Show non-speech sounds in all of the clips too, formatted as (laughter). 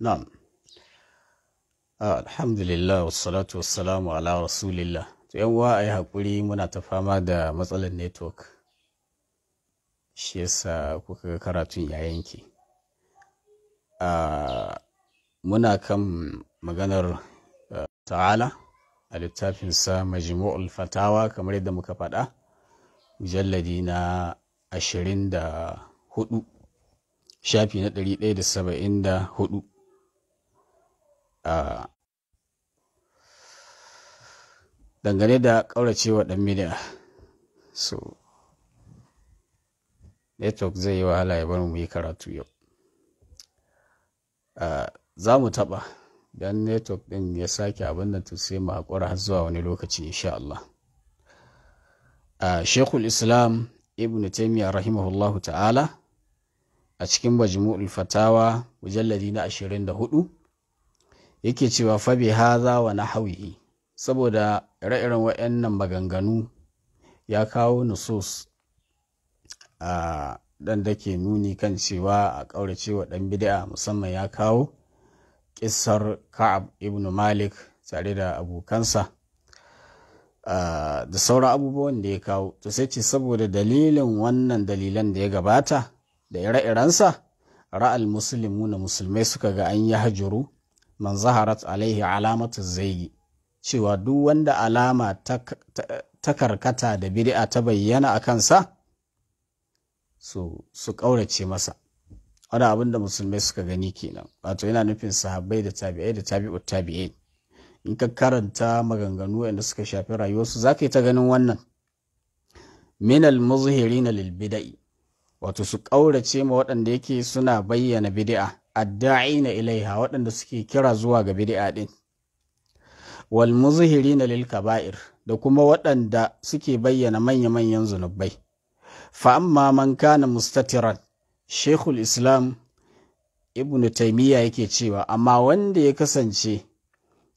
Na'am. Ah, alhamdulillah wassalatu wassalamu ala rasulillah. To yan uwa ayi hakuri muna ta fama da matsalar network. Shi yasa kuka ga karatun ya yanke. Ah, muna kan maganar ah, ta'ala a littafinsa majmu'ul fatawa kamar yadda muka faɗa mujalladi na ashirin shafi na ɗari ɗaya da saba'in da hudu Ah, dangane da ƙauracewa ɗan midiya so network zai yi wahala ya bar mu yi karatu yau ah, za mu taɓa don network ɗin ya sake abin da to sai mu haƙura har zuwa wani lokaci insha Allah ah, shekul islam ibn taimiyya rahimahullahu ta'ala a cikin majmu'ul fatawa mujalladi na ashirin da hudu yake cewa fabi haza wa na nahawihi saboda ire-iren waɗannan maganganu ya kawo nusus a dan da ke nuni kan cewa a ƙaurace wa ɗan bid'a musamman ya kawo ƙisar ka'ab ibn malik tare da abokansa da sauran abubuwan da ya kawo to sai ce saboda dalilin wannan dalilan da ya gabata da ire-irensa ra'al musulmi na musulmai suka ga an yi hajjuru man zaharat alaihi alamatu zaigi cewa duk wanda alama ta karkata da bid'a ta bayyana a kansa su ƙaurace masa wani abin da musulmai suka gani kenan wato yana nufin sahabbai da tabi'ai da tabi'u tabiai in ka karanta maganganu wanda suka shafi rayuwarsu za ka yi ta ganin wannan minal muzhirina lil bida'i wato su ƙaurace ma waɗanda yake suna bayyana bid'a adda'ina ilaiha waɗanda suke kira zuwa ga bid'a din wal muzhirina lil kaba'ir da kuma waɗanda suke bayyana manya-manyan zunubai fa amma man kana mustatiran shaykhul islam ibnu taymiya yake cewa amma wanda ya kasance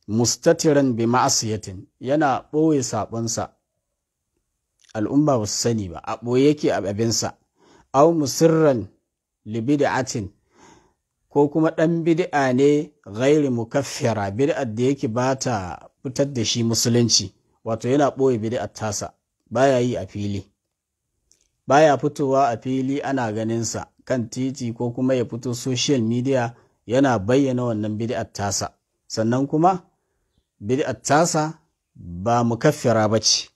mustatiran bi ma'asiyatin yana ɓoye saɓonsa al'umma ba su sani ba a ɓoye yake abinsa au musirran libida'atin ko kuma ɗan bid'a ne ghairi mukaffira bid'ar da yake ba ta fitar da shi musulunci wato yana ɓoye bid'ar tasa baya yi a fili baya fitowa a fili ana ganinsa kan titi ko kuma ya fito social media yana bayyana wannan bid'ar tasa sannan kuma bid'ar tasa ba mukaffira ba ce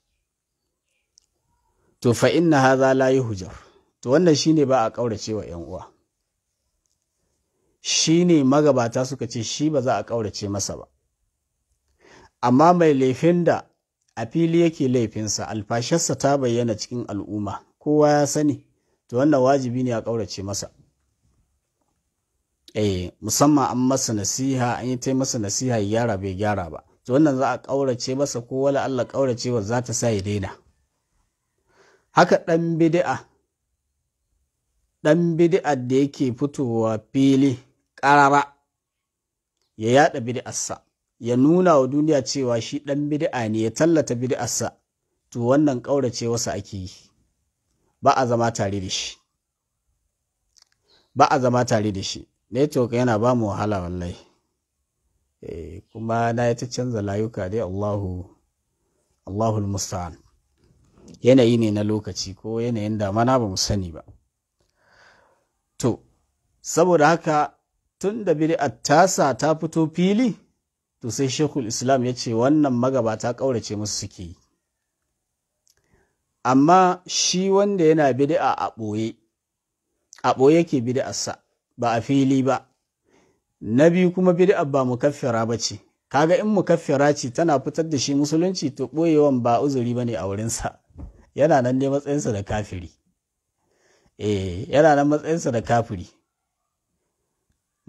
to fa inna hadha la yuhjar to wannan shine ba a kaurace wa 'yan uwa shi ne magabata suka ce shi ba za a ƙaurace masa ba amma mai laifin da a fili yake laifinsa alfasharsa ta bayyana cikin al'umma kowa ya sani to wannan wajibi ne a ƙaurace masa eh musamman an masa nasiha an yi tai masa nasiha ya gyara bai gyara ba to wannan za a ƙaurace masa ko wala Allah ƙauracewa za ta sa ya daina haka ɗan bid'a ɗan bid'a da yake fitowa fili ƙarara ya yaɗa bid'arsa ya nuna wa duniya cewa shi ɗan bid'a ne ya tallata bid'arsa to wannan ƙaurace wasa ake yi ba a zama tare da shi ba a zama tare da shi network yana ba mu wahala wallahi eh, kuma na ya ta canza layuka dai Allahu Allahu musta'an yanayi ne na lokaci ko yanayin da damana ba mu sani ba to saboda haka tun da bid'ar tasa ta fito fili to sai shekul islam ya ce wannan magabata ƙaurace musu suke yi amma shi wanda yana bid'a a ɓoye a ɓoye yake bid'arsa ba a fili ba na biyu kuma bid'a ba mukaffira ba ce kaga in mu mukaffira ce tana fitar da shi musulunci to yawan ba uzuri ba ne a wurinsa yana nan ne matsayinsa da kafiri eh yana nan matsayinsa da kafiri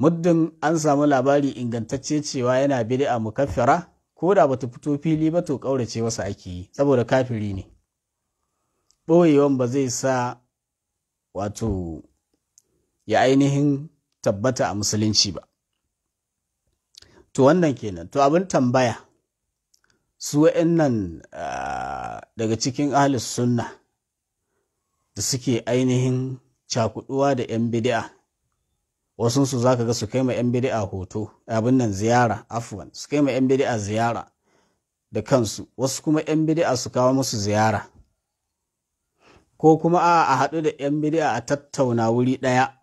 muddin an samu labari ingantacce cewa yana bid'a mukaffara ko da bata fito fili ba to kaurace wasu ake yi saboda kafiri ne ɓoyewan ba zai sa wato ya ainihin tabbata a musulunci ba to wannan kenan to abin tambaya su wa'annan ah, daga cikin ahalus sunna da suke ainihin cakuduwa da 'yan bid'a wasunsu za ka ga su kai ma 'yan bidi'a hoto abin nan ziyara afwan su kai ma 'yan bidi'a ziyara da kansu wasu kuma 'yan bidi'a su kawo musu ziyara ko kuma a a haɗu da 'yan bidi'a a tattauna wuri ɗaya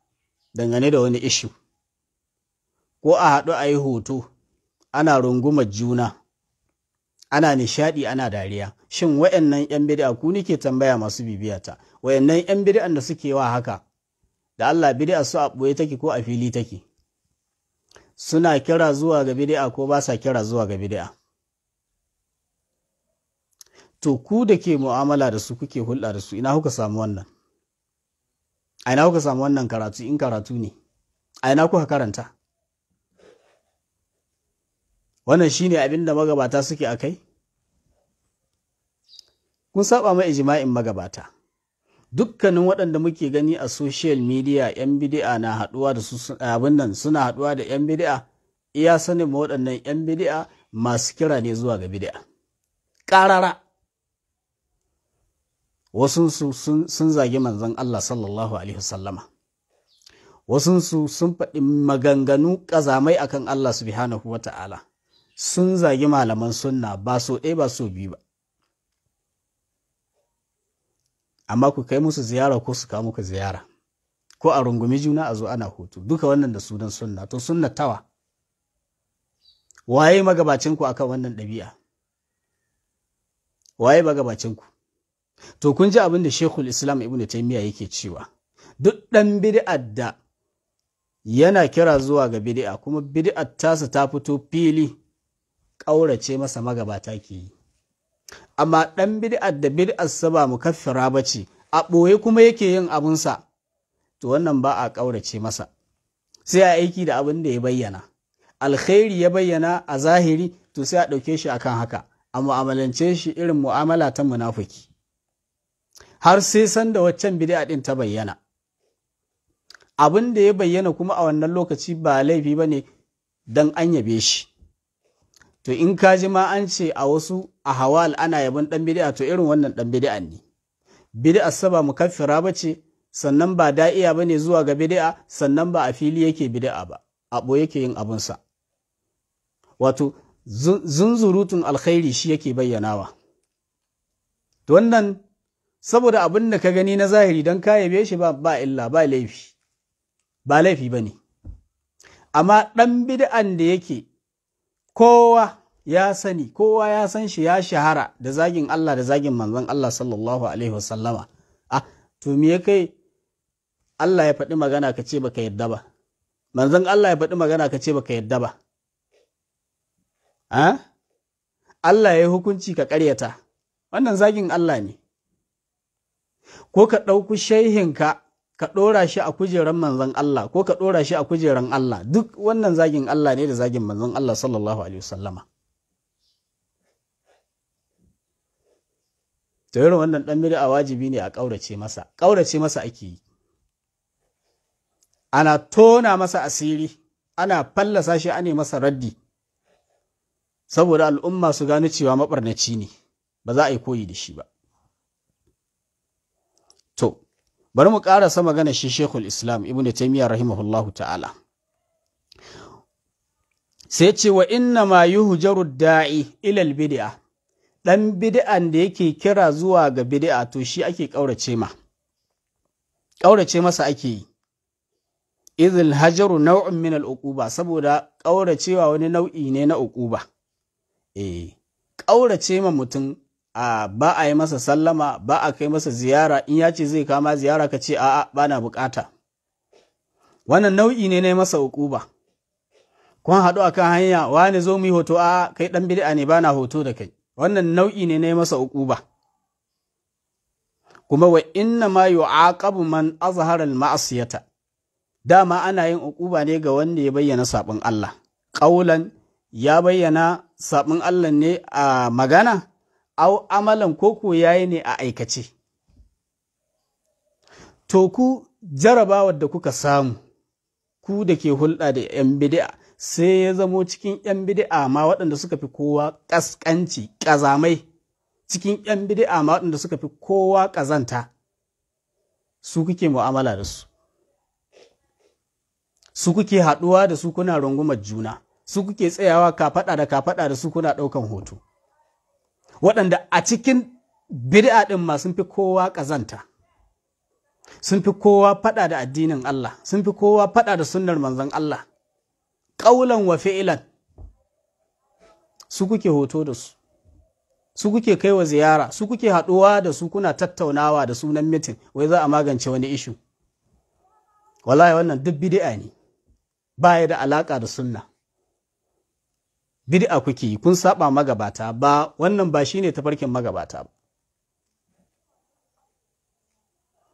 dangane da wani ishu ko a haɗu a yi hoto ana runguma juna ana nishaɗi ana dariya shin wayannan 'yan bidi'a ku nike tambaya masu bibiyata Wayannan 'yan bidi'an da suke wa haka da Allah bid'a su a ɓoye take ko a fili take suna kira zuwa ga bid'a ko ba sa kira zuwa ga bid'a to ku da ke mu'amala da su kuke hulɗa da su ina kuka samu wannan a ina kuka samu wannan karatu in karatu ne a ina kuka karanta wannan shine abin da magabata suke a kai kun saba mai ijima'in magabata dukkanin waɗanda muke gani a social media yan bidi'a na haɗuwa da su abin nan suna haɗuwa da yan bidi'a iya sanin ma waɗannan yan bidi'a masu kira ne zuwa ga bidi'a ƙarara wasu sun zagi manzon Allah sallallahu alaihi wasallama wasu sun faɗi maganganu ƙazamai akan Allah subhanahu wata'ala sun zagi malaman sunna ba so ɗaya ba so biyu ba amma ku kai musu ziyara ko su kawo muku ziyara ko a rungumi juna a zo ana hutu duka wannan da sunan sunna to sunna tawa waye magabacin ku akan wannan ɗabi'a waye magabacin ku to kun ji abin da Sheikhul Islam Ibn Taymiyyah yake cewa duk dan bid'ar da yana kira zuwa ga bid'a kuma bid'ar su ta fito fili ƙaurace masa magabata ke yi amma ɗan bid'ar da bid'ar sa ba kafira ba ce a ɓoye kuma yake yin abunsa to wannan ba a ƙaurace masa sai a aiki da abin da ya bayyana alkhairi ya bayyana a zahiri to sai a ɗauke shi akan haka a mu'amalance shi irin mu'amala ta munafuki. har sai san da waccan bid'a ɗin ta bayyana abin da ya bayyana kuma a wannan lokaci ba laifi ba ne don an yabe shi to in ka ji ma an ce a wasu a hawal ana yabon ɗan bid'a to irin wannan ɗan bidi'a ne bid'a saba mukaffira ce, sannan ba da'iya ne zuwa ga bid'a sannan ba a fili yake bid'a ba a boye yake yin abunsa wato zunzurutun alkhairi shi yake bayyanawa to wannan saboda abin da ka gani na zahiri don ka yabe shi ba ba illa ba laifi ba laifi bane amma ɗan bid'an da yake kowa ya sani kowa ya san shi ya shahara da zagin Allah da zagin manzon Allah sallallahu alaihi wasallama ah to me kai Allah ya faɗi magana ka ce baka yadda ba manzon Allah ya faɗi magana ka ce baka yadda ba ah Allah ya yi hukunci ka ƙaryata wannan zagin Allah ne ko ka ɗauku shaihinka ka ɗora shi a kujeran manzon Allah ko ka ɗora shi a kujeran Allah duk wannan zagin Allah ne da zagin manzon Allah sallallahu alaihi wasallama to irin wannan dan bid'a wajibi ne a ƙaurace masa ƙaurace masa ake yi ana tona masa asiri ana fallasa shi ane masa raddi saboda al'umma su gano cewa maɓarnaci ne ba za a yi koyi da shi ba to bari mu ƙarasa magana shi shekul islam ibn taimiyya rahimahullahu ta'ala sai ce wa inna ma yuhjaru da'i ilal bid'a ɗan bid'an da yake kira zuwa ga bid'a to shi ake ƙaurace ma ƙaurace masa ake yi izil hajaru nau'in min al'uquba saboda ƙauracewa wani nau'i ne na uquba eh ƙaurace ma mutum a ba a yi masa sallama ba a kai masa ziyara in ya ce zai kama ziyara ka ce a'a ba na bukata wannan nau'i ne na masa uquba kun haɗu a kan hanya wani zo mu yi hoto a, kai ɗan bid'a ne ba na hoto da kai wannan nau'i ne na masa uquba kuma wa inna ma yu'aqabu man azhara ma'asiyata. dama ana yin uquba ne ga wanda ya bayyana saɓin Allah Ƙaulan ya bayyana saɓin Allah ne a magana au amalan koko ya yi ne a aikace to ku jarabawar da kuka samu ku da ke hulɗa da 'yan bidi'a sai ya zamo cikin 'yan bid'a ma waɗanda suka fi kowa ƙasƙanci ƙazamai cikin 'yan bid'a ma waɗanda suka fi kowa ƙazanta su kuke mu'amala da su su kuke haɗuwa da su kuna rungumar juna su kuke tsayawa kafaɗa da kafaɗa da su kuna ɗaukan hoto waɗanda a cikin bid'a ɗin ma sun fi kowa ƙazanta sun fi kowa faɗa da addinin Allah sun fi kowa faɗa da sunnar manzon Allah ƙaulan wa fi'ilan su kuke hoto da su su kuke kai wa ziyara su kuke haɗuwa da su kuna tattaunawa da sunan mitin wai za a magance wani ishu wallahi wannan duk bid'a ne Ba ya da alaƙa da sunna bid'a kuke yi kun saba magabata ba wannan ba shine tafarkin magabata ba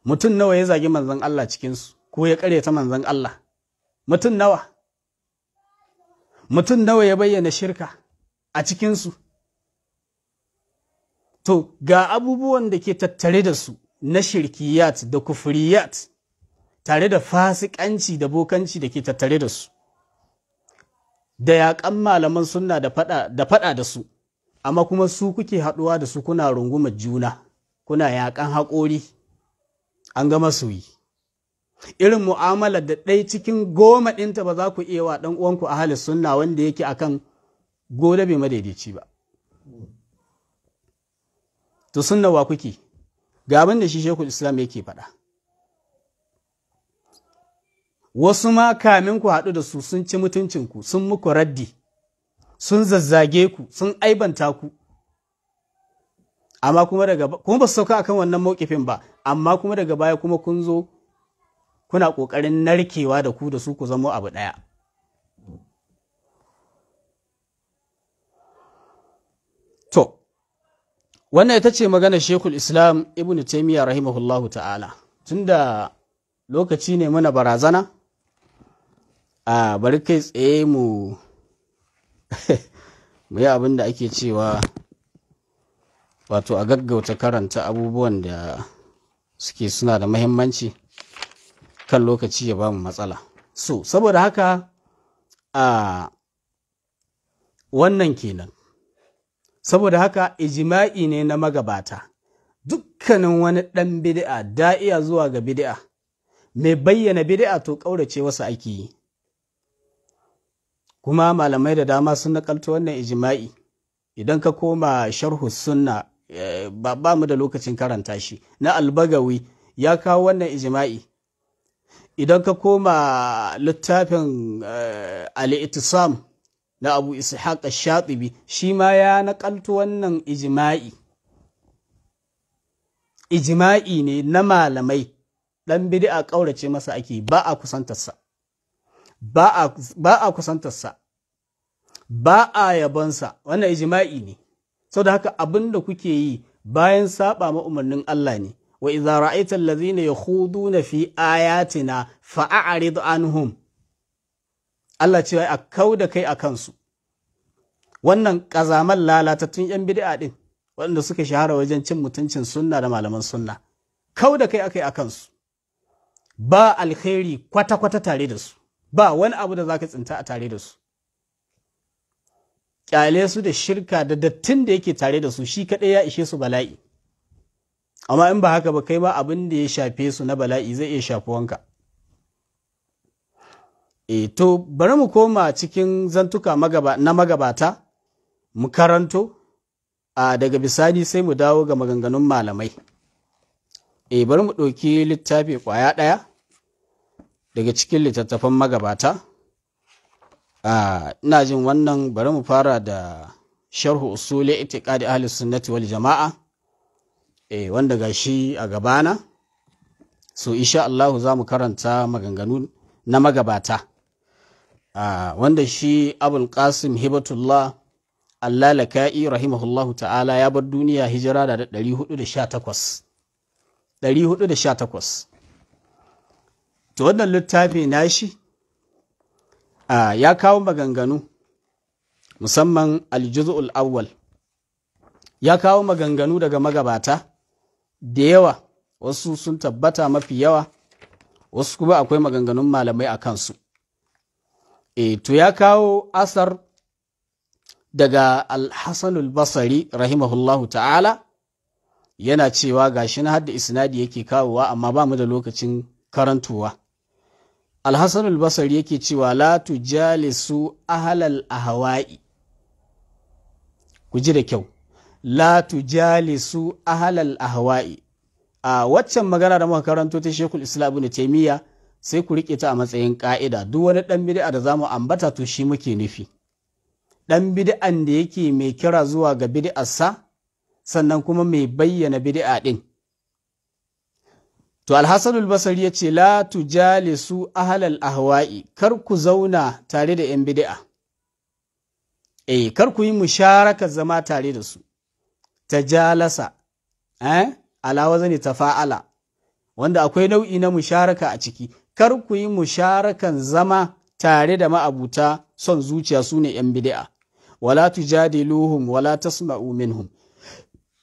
mutum nawa ya zagi manzon Allah cikinsu ko ya ta manzon Allah mutum nawa mutum nawa ya bayyana shirka a cikinsu to ga abubuwan da ke tattare da su na shirkiyat da kufuriyat tare da fasikanci da bokanci da ke tattare da su da yaƙan malaman suna da faɗa da su amma kuma su kuke haɗuwa da su kuna rungumar juna kuna yaƙan haƙori an ga yi irin mu'amala da ɗai cikin goma ɗinta ba za ku iya wa ɗan uwanku a halin sunna wanda yake akan gobe bai madaidaici ba to sunna wa kuke ga da shi shekul islam yake faɗa wasu ma kamin ku haɗu da su sun ci mutuncinku sun muku raddi sun zazzage ku sun aibanta ku amma kuma daga kuma ba su sauka akan wannan mawkifin ba amma kuma daga baya kuma kun zo kuna ƙoƙarin narkewa da ku da su ku zamo abu ɗaya to wannan ita ce magana shekul islam ibn taimiyya rahimahullahu ta'ala tunda lokaci ne muna barazana a bari kai tsaye mu (laughs) mu yi abin da ake cewa wato a gaggauta karanta abubuwan da suke suna da mahimmanci kan lokaci ya bamu matsala so saboda haka a wannan kenan saboda haka ijima'i ne na magabata dukkanin wani ɗan bid'a da'iya zuwa ga bid'a mai bayyana bid'a to ƙaurace wasu ake yi kuma malamai da dama sun nakalto wannan ijima'i idan ka koma sharhu sunna eh, ba mu da lokacin karanta shi na albagawi ya kawo wannan ijima'i idan ka koma littafin eh, al'itisam na abu ishaq shaɗibi shi ma ya naƙaltu wannan ijima'i ijima'i ne na malamai ɗan a ƙaurace masa ake ba a kusantarsa ba a kusantarsa ba a yabonsa wannan ijima'i ne sau da haka abin da kuke yi bayan saba ma umarnin Allah ne wa idza ra'aita allazina yakhuduna fi ayatina fa'arid anhum Allah cewa a kau da kai a kansu wannan kazaman lalatattun yan bid'a din waɗanda suka shahara wajen cin mutuncin sunna da malaman sunna kau da kai akai a kansu ba alkhairi kwata-kwata tare da su ba wani abu da zaka tsinta a tare da su kyale su da shirka da dattin da yake tare da su shi kaɗai ya ishe su bala'i amma in ba haka ba kai ba abin da ya shafe su na bala'i zai iya wanka e to bari mu koma cikin zantuka na magabata mu karanto a daga bisani sai mu dawo ga maganganun malamai e bari mu ɗauki littafi ƙwaya ɗaya daga cikin littattafan magabata ina jin wannan bari mu fara da sharhu usuli itiqadi ahli sunnati wal jama'a eh wanda ga shi a gabana so insha Allah za mu karanta maganganu na magabata ah, wanda shi abul qasim hibatullah Allah laka'i rahimahullahu ta'ala ya bar duniya hijira da 418 to wannan littafi nashi ah, ya kawo maganganu musamman aljuz'ul awwal ya kawo maganganu daga magabata da yawa wasu sun tabbata mafi yawa wasu kuma akwai maganganun malamai a kansu e to ya kawo asar daga alhassanul basari rahimahullahu ta'ala yana cewa gashi na hadda isnadi yake kawowa amma ba mu da lokacin karantowa alhassanul basari yake cewa la tujalisu ahalal ahawa'i ku ji da kyau la tujalisu ahalal ahwa'i a waccan magana da muka karanto ta shekul Islam Ibn taymiya sai ku rike ta a matsayin ka'ida duk wani dan bid'a da zamu ambata to shi muke nufi dan bid'an da yake mai kira zuwa ga bid'ar sa, sannan kuma mai bayyana bid'a din to alhassanul basari yace ce la tujalisu ahalal ahwa'i kar ku zauna tare da yan bid'a eh kar ku yi musharaka zama tare da su ta jalasa, eh zane ta fa'ala wanda akwai nau'i na musharaka a ciki kar ku yi musharakan zama tare da ma'abuta son zuciya su ne ‘yan bida'a, wala tujadiluhum wala tasma'u minhum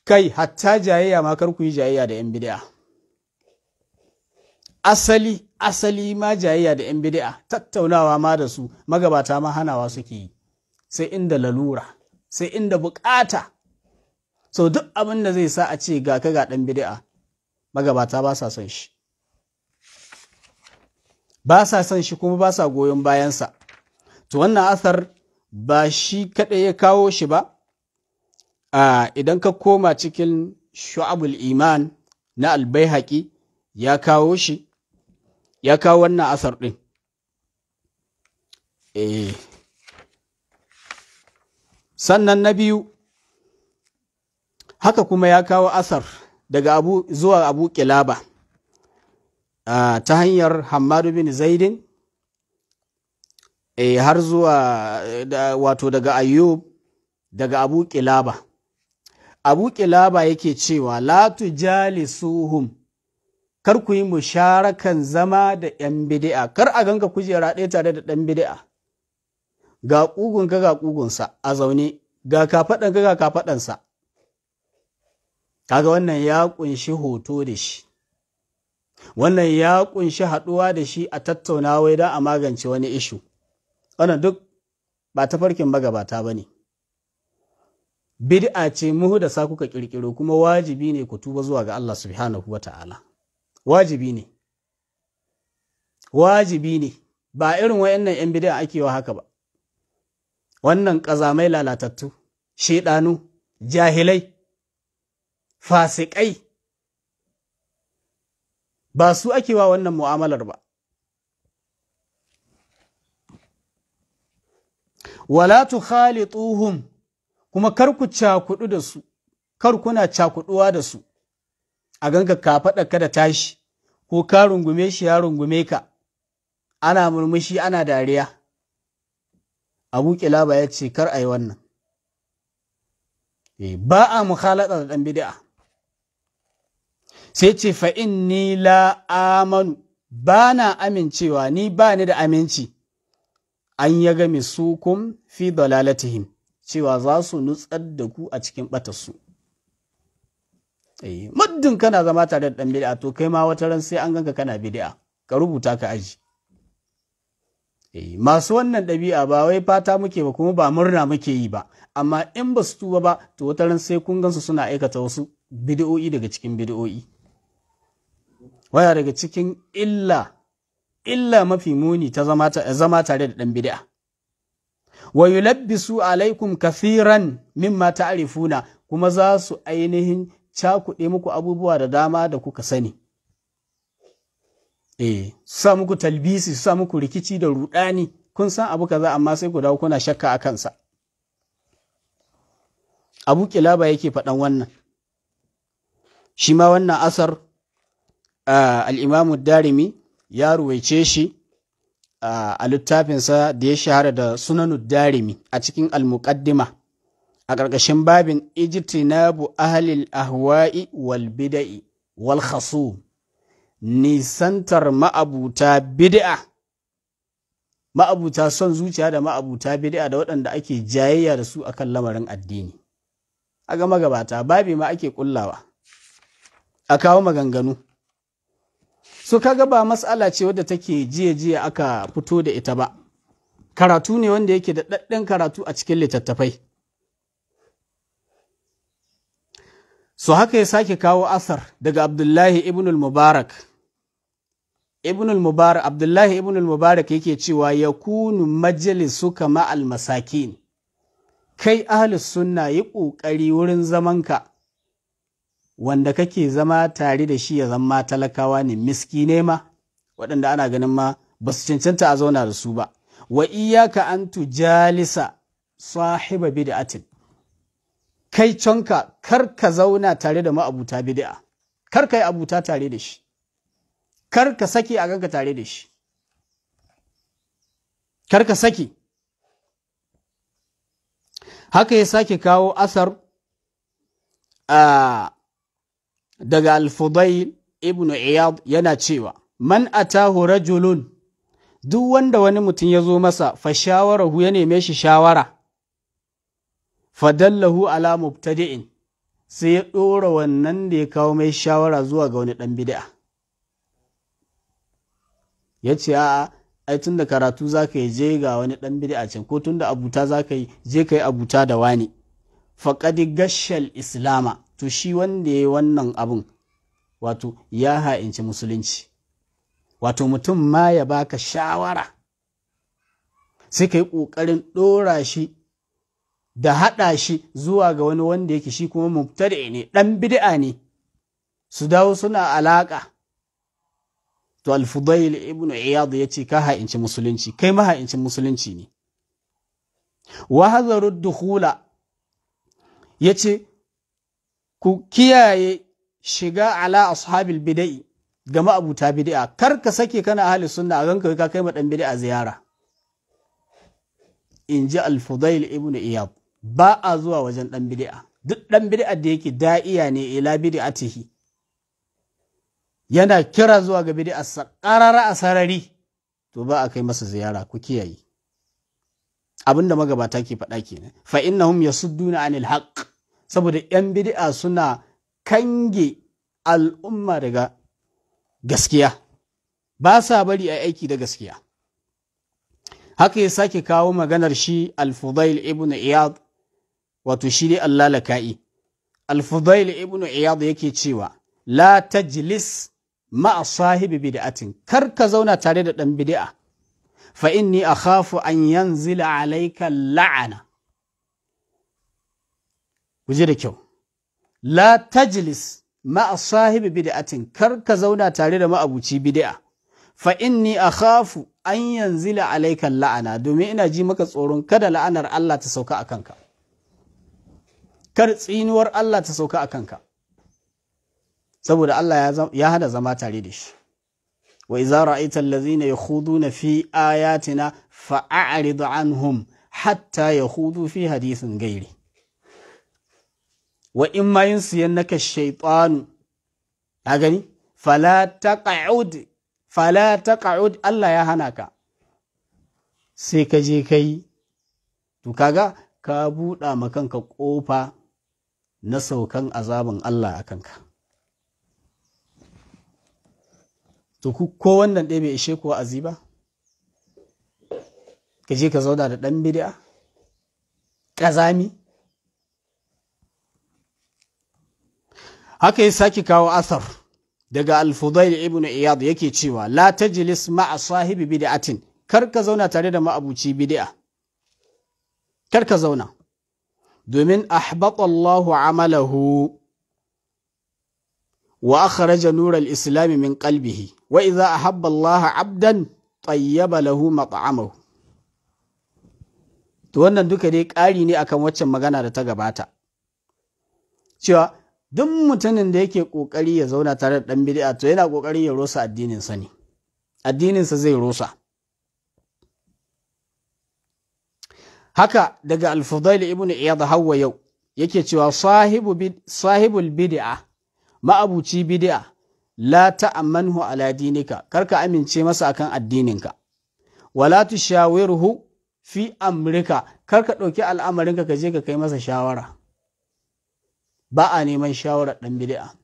kai hatta jayayya ma kar ku yi jayayya da ‘yan bida'a. Asali, asali ma jayayya da ‘yan bida'a tattaunawa ma da su magabata ma hanawa suke yi, sai inda lalura, sai inda bukata sau duk abin da zai sa a ce ga ka ga ɗan bidi'a magabata ba sa son shi ba sa son shi kuma ba sa goyon bayansa to wannan asar ba shi kaɗai ya kawo shi ba a idan ka koma cikin shu'abul iman na haƙi ya kawo shi ya kawo wannan asar ɗin eh. sannan na biyu haka kuma ya kawo asar daga abu zuwa abu kilaba ta hanyar hamadu bin zaidin e, har zuwa eh, da, wato daga ayyub daga abu kilaba abu kilaba yake cewa latu jali suhum kar ku yi musharakan zama da ‘yan bidi'a kar a ganka kujera ɗaya tare da ɗan bidi'a ga ƙugunka ga ƙugunsa a zaune ga kafaɗanka ga kafaɗansa kaga wannan ya kunshi hoto da shi wannan ya kunshi haɗuwa da shi a tattaunawa idan a magance wani ishu wannan duk ba ta farkin magabata ba ne bid'a ce muhu da sa kuka kirkiro kuma wajibi ne ku tuba zuwa ga Allah subhanahu wa ta'ala wajibi ne wajibi ne ba irin wayannan yan bid'a ake wa haka ba wannan ƙazamai lalatattu shedanu jahilai fasikai ba su ake wa wannan mu'amalar ba wala tu tukhalituhum kuma kar ku cakudu da su kar kuna cakuduwa da su a ganka ka faɗa ka da tashi ko ka rungume shi ya rungume ka ana murmushi ana dariya abu kilaba ya ce kar a yi wannan eh, ba a mukhalata da ɗan bida'a sai ce fa ni la amanu ba na amincewa ni ba ni da aminci an ya su kun fi dalalatihim cewa za su nutsar da ku a cikin batarsu eh, muddin kana zama tare da ɗan bid'a to kai ma wata ran sai an ganka kana bid'a ka rubuta ka aji eh, masu wannan ɗabi'a ba wai fata muke ba kuma ba murna muke yi ba amma in ba su tuba ba to wata ran sai kun gansu suna aikata wasu bid'o'i daga cikin bid'o'i waya daga cikin illa illa mafi muni ta zama tare da ɗan bid'a wa yulabbisu alaikum kathiran mimma ta'rifuna kuma za su ainihin cakuɗe muku abubuwa da dama da kuka sani eh sa muku talbisi sa muku rikici da rudani kun san abu kaza amma sai ku dawo kuna shakka a kansa abu kilaba yake faɗan wannan shi ma wannan asar Ah, al'imamu darimi ya ruwaice shi ah, a littafinsa da ya shahara da sunanu darimi a cikin almuƙaddima a ƙarƙashin babin ijtinabu ahlil ahwa'i wal bida'i wal khasu nisantar ma'abuta bid'a ma'abuta son zuciya da ma'abuta bid'a da waɗanda ake jayayya da su akan lamarin addini a gama gabata babi ma ake kullawa a kawo maganganu so kaga ba matsala ce wadda take jiya jiya aka fito da ita ba karatu ne wanda yake da ɗaɗɗen karatu a cikin littattafai so haka ya sake kawo asar daga abdullahi ibn mubarak ibn mubarak abdullahi ibn mubarak yake cewa ya kunu majalisu kama almasakin kai ahli sunna yi ƙoƙari wurin zaman ka wanda kake zama tare da shi ya zama talakawa ne miski ne ma waɗanda ana ganin ma ba su cancanta a zauna da su ba wa iyaka an tu jalisa sahiba bid'atin kai canka kar ka zauna tare da ma'abuta bid'a kar ka yi abuta tare da shi kar ka saki a ganka tare da shi kar ka saki haka ya sake kawo asar a ah, daga al ibnu ibn iyad yana cewa man atahu rajulun duk wanda wani mutum ya zo masa fa shawarahu ya neme shi shawara fa fadallahu ala mubtadi'in sai ya ɗora wannan da ya kawo mai shawara zuwa ga wani ɗan bid'a ya ce a'a ai tun da karatu za ka yi je ga wani ɗan bid'a can ko tun da abuta za ka yi je ka yi abuta da wani faƙadi gashal islama to shi wanda ya yi wannan abin wato ya ha'inci musulunci wato mutum ma ya baka shawara sai ka yi ƙoƙarin ɗora shi da haɗa shi zuwa ga wani wanda yake shi kuma mubtadi ne ɗan bid'a ne su dawo suna alaƙa to alfudail ibn iyad ce, ka ha'inci musulunci kai ma ha'inci musulunci ne wa hazaru dukhula yace ku kiyaye shiga ala ashabil bida'i ga ma'abuta bid'a kar ka sake kana ahli sunna a ganka ka kai ma dan a ziyara in ji al-fudail ibn iyab ba a zuwa wajen dan bid'a duk dan bid'a da yake da'iya ne ila bid'atihi yana kira zuwa ga bid'a qarara a sarari to ba a kai masa ziyara ku kiyaye abinda magabata ke faɗa kenan fa innahum yasudduna anil haqq saboda 'yan bid'a suna kange al'umma daga gaskiya ba sa bari a aiki da gaskiya haka ya sake kawo maganar shi al-fudail ibn iyad wato shi ne allalaka'i al-fudail ibn iyad yake cewa la tajlis ma'a sahibi bid'atin kar ka zauna tare da dan bid'a fa a khafu an yanzila alayka la'ana ku ji da kyau la tajlis ma'a sahibi bid'atin kar ka zauna tare da ma'abuci bid'a fa inni khafu an yanzila la'alaikan la'ana domin ina ji maka tsoron kada la'anar Allah ta sauka a kanka kar tsinuwar Allah ta sauka a kanka saboda Allah ya hana zama tare da shi wa idza ra'aita allazina yakhuduna fi ayatina fa'rid anhum hatta yakhudu fi hadisin gairi wa in ma yin su yannaka shaitanu a gani fala taqa'ud fala Allah ya hana ka sai ka je kai to kaga ka buɗa ma kanka ƙofa na saukan azabin Allah a kanka to ko wannan ɗaya bai ishe ko azi ba ka je ka zauna da ɗan bid'a ƙazami haka ya sake kawo asar daga al ibn iyad yake cewa la tajlis ma'a sahibi bid'atin kar ka zauna tare da ma'abuci bid'a karka zauna domin ahbata Allahu amalahu wa akhraja nur al-islam min qalbihi wa idza ahabba Allah 'abdan tayyaba lahu mat'amahu to wannan duka dai ƙari ne akan waccan magana da ta gabata cewa duk mutumin da yake kokari ya zauna tare da ɗan bid'a to yana kokari ya rusa addinin sa ne addinin sa zai rusa haka daga al-fudail ibn iyad hawa yau yake cewa sahibu bid, sahibul bid'a ma'abuci bid'a la ta'ammanhu ala dinika karka amince masa akan addininka wala tushawirhu fi amrika karka ɗauki al'amarinka ka je ka kai masa shawara ba a neman shawarar ɗan bid'a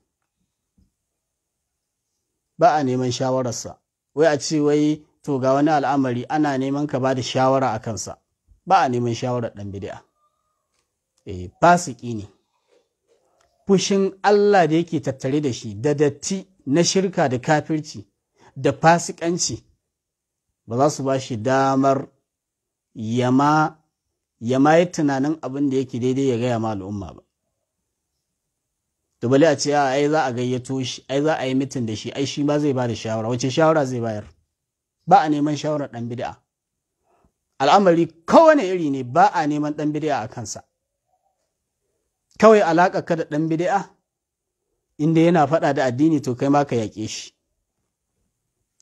ba a neman shawararsa wai a ce wai to ga wani al'amari ana neman ka ba da shawara a kansa ba a neman shawarar ɗan bid'a Fasiƙi eh, fasiki ne fushin Allah da yake tattare da shi da datti na shirka da kafirci da fasikanci ba za su ba shi damar yama yama tunanin abin da yake daidai ya gaya ma al'umma ba to bali a ce ai za a gayyato shi ai za a yi mitin da shi ai shi ma zai ba da shawara wace shawara zai bayar ba a neman shawarar dan bid'a al'amari kowane iri ne ba a neman dan bid'a a kansa kawai alaka ka da dan bid'a inda yana faɗa da addini to kai ma ka yaƙe shi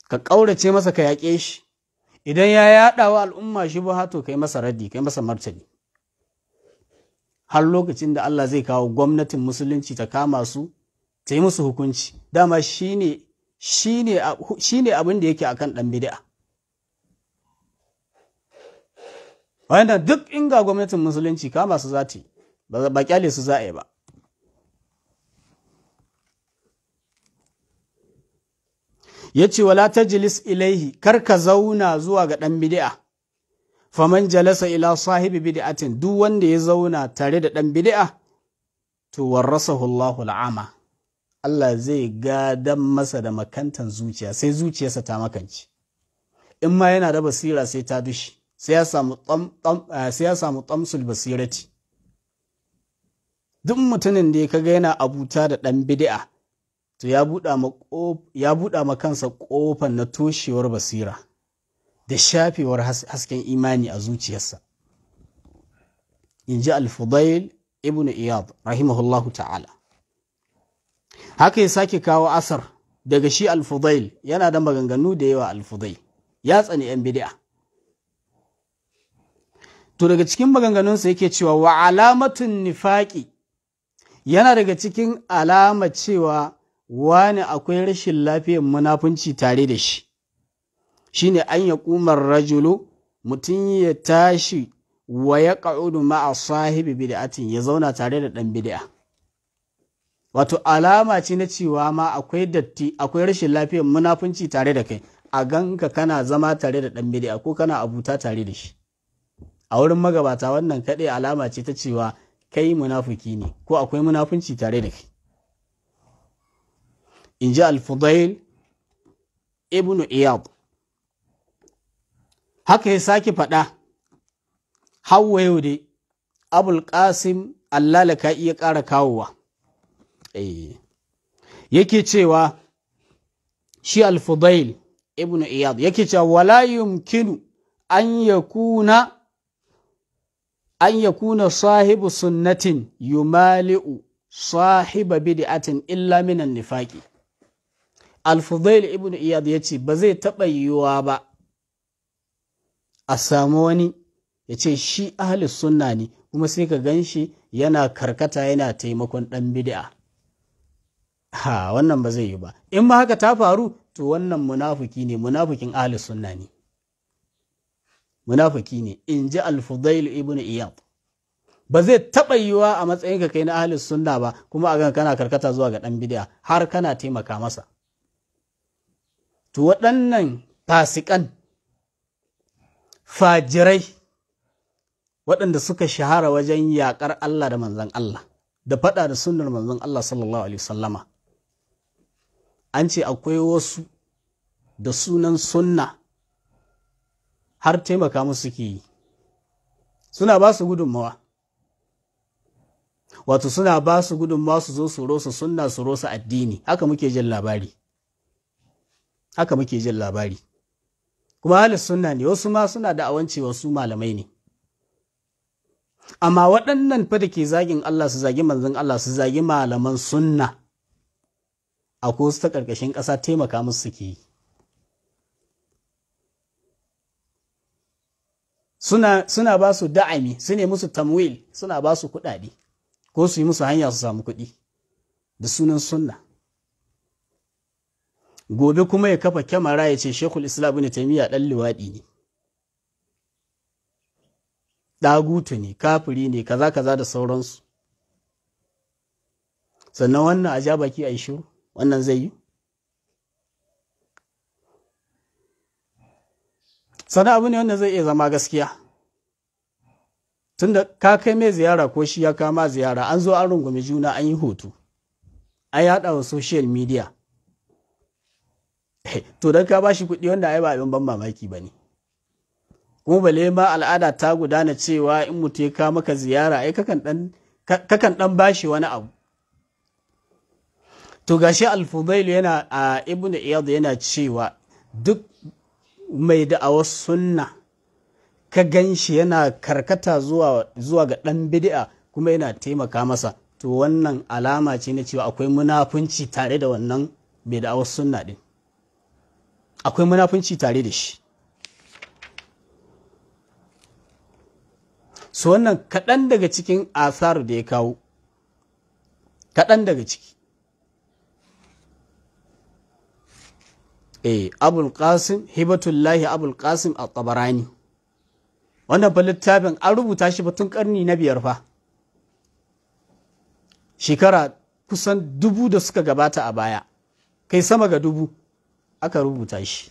ka ƙaurace masa ka yaƙe shi idan ya yaɗa wa al'umma shi ba to kai masa raddi kai masa martani har lokacin da Allah zai kawo gwamnatin musulunci ta kama su ta yi musu hukunci dama shi ne abin da yake akan ɗan bid'a wanda duk inga gwamnatin musulunci kama su za ta ba kyale su za a yi ba ya ce wala ta jilis ilaihi kar ka zauna zuwa ga ɗan bid'a faman jalasa ila sahibi bid'atin duk wanda ya zauna tare da ɗan bid'a to warasahu Allahu al'ama Allah zai gadan masa da makantan zuciya sai zuciyarsa ta makanci in ma yana da basira sai ta dushi eh, sai ya samu tsamsul basirati duk mutumin da ya kaga yana abuta da ɗan bid'a to ya buɗa ma kansa ƙofan na toshewar basira da shafewar hasken imani a zuciyarsa in ji al-fudail ibn iyad rahimahullahu ta'ala haka ya sake kawo asar daga shi al yana da maganganu da yawa al-fudail ya tsani yan bid'a to daga cikin maganganunsa yake cewa wa alamatun nifaki yana daga cikin alama cewa wani akwai rashin lafiyar munafunci tare da shi shine an ya kumar rajulu mutum ya tashi wa ya ƙa'udu ma'a sahibi bid'atin ya zauna tare da ɗan bid'a wato alama ce na cewa ma akwai datti akwai rashin lafiyar munafunci tare da kai a ganka kana zama tare da ɗan bid'a ko kana abuta tare da shi a wurin magabata wannan kaɗai alama ce ta cewa kai munafuki ne ko akwai munafunci tare da kai in ji al-fudail ibnu iyad haka ya sake faɗa hawa yau dai abul qasim ka iya ƙara kawowa eh. yake cewa shi al ibn iyad yake cewa wala yumkinu an yakuna an yakuna sahibu sunnatin yumali'u sahiba bid'atin illa minan nifaqi al-fudail ibn iyad yace ba zai taɓa yiwuwa ba a samu wani ya ce shi ahalis sunna ne kuma sai ka gan shi yana karkata yana taimakon ɗan bid'a ha wannan ba zai yi ba in ba haka ta faru to wannan munafuki ne munafukin ahalis sunna ne munafiki ne in ji alfudail ibn iyad ba zai taɓa yiwa a matsayinka kai na ahalis sunna ba kuma a gan kana karkata zuwa ga ɗan bid'a har kana taimaka masa to waɗannan fasikan fajirai waɗanda suka shahara wajen yaƙar Allah da manzan Allah da faɗa da sunnar manzan Allah sallallahu alaihi sallama an ce akwai wasu da sunan sunna har taimaka musu ke yi suna ba su gudunmawa wato suna ba su gudunmawa su zo su rosa sunna su rosa addini haka muke jin labari haka muke jin labari kuma ahlus sunna ne wasu ma suna da awanci wasu malamai ne amma waɗannan fa da ke zagin Allah su zagi manzon Allah su zagi malaman sunna a ko su ta ƙarƙashin ƙasa taimaka musu suke yi suna, suna ba su da'ami su ne musu tamwil suna ba su kuɗaɗe ko su yi musu hanya su samu kuɗi da sunan sunna gobe kuma ya kafa kyamara ya ce shekul islam ta miya ɗan liwaɗi ne ɗagutu ne kafiri ne kaza kaza da sauransu sannan wannan a ja baki a wannan zai yi sannan abu ne wanda zai iya zama gaskiya tunda ka kai mai ziyara ko shi ya kama ziyara an zo an rungume juna an yi hoto an yaɗa wa social media (laughs) to don ka ba shi kuɗi wanda ai ba abin ban mamaki ba ne kuma bale ma al'ada ta gudana cewa in mutu ya ka maka ziyara ai kakan ɗan shi wani abu to gashi al-fudail yana a ibn iyad yana cewa duk mai da'awar sunna ka gan shi yana karkata zuwa ga ɗan bid'a kuma yana taimaka masa to wannan alama ce na cewa akwai munafunci tare da wannan mai da'awar sunna din akwai munafunci tare da shi su wannan kaɗan daga cikin asar da ya kawo kaɗan daga ciki eh abul qasim hibatullahi abul qasim a ƙabarani wannan fa littafin an rubuta shi batun karni na biyar fa shekara kusan dubu da suka gabata a baya kai sama ga dubu aka rubuta shi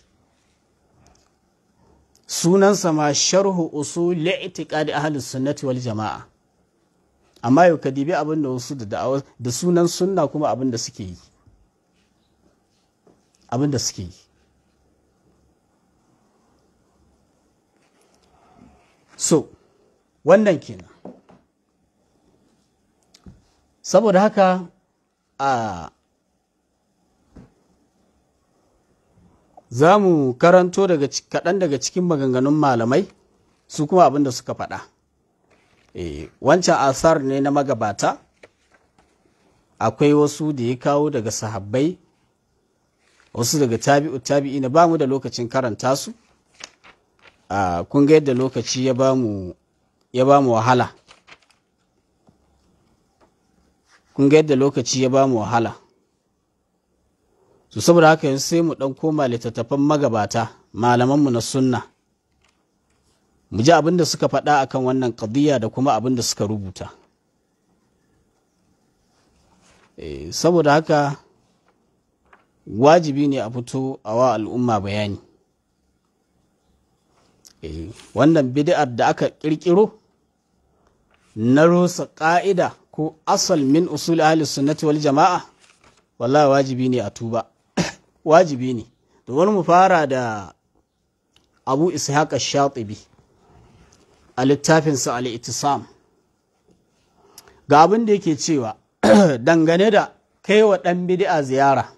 sunansa ma sharhu usul i'tiqadi ahli sunnati wal jama'a amma yau ka dibi abin da wasu da da'awa da sunan sunna kuma abin da suke yi abin da suke yi so wannan kenan saboda haka a za mu karanto kaɗan daga cikin maganganun malamai su kuma abin da suka faɗa eh, wancan asar ne na magabata akwai wasu da ya kawo daga sahabbai wasu daga tabi'u tabi'i na bamu da lokacin karanta su ah, kun ga yadda lokaci ya ba mu yadda lokaci ya bamu wahala Su saboda haka yanzu sai mu ɗan koma littattafan magabata malamanmu na sunna mu ji abin da suka faɗa akan wannan ƙadiyya da kuma abin da suka rubuta eh, saboda haka wajibi ne a fito a wa al'umma bayani eh, wannan bid'ar da aka ƙirƙiro na rusa ƙa'ida ko asal min usul ahli sunnati wal jama'a wallahi wajibi ne a tuba wajibi ne to wani mu fara da abu ishaq ash-shatibi a littafinsa al-ittisam ga abin da yake cewa (clears throat) dangane da kai wa ɗan bidi'a ziyara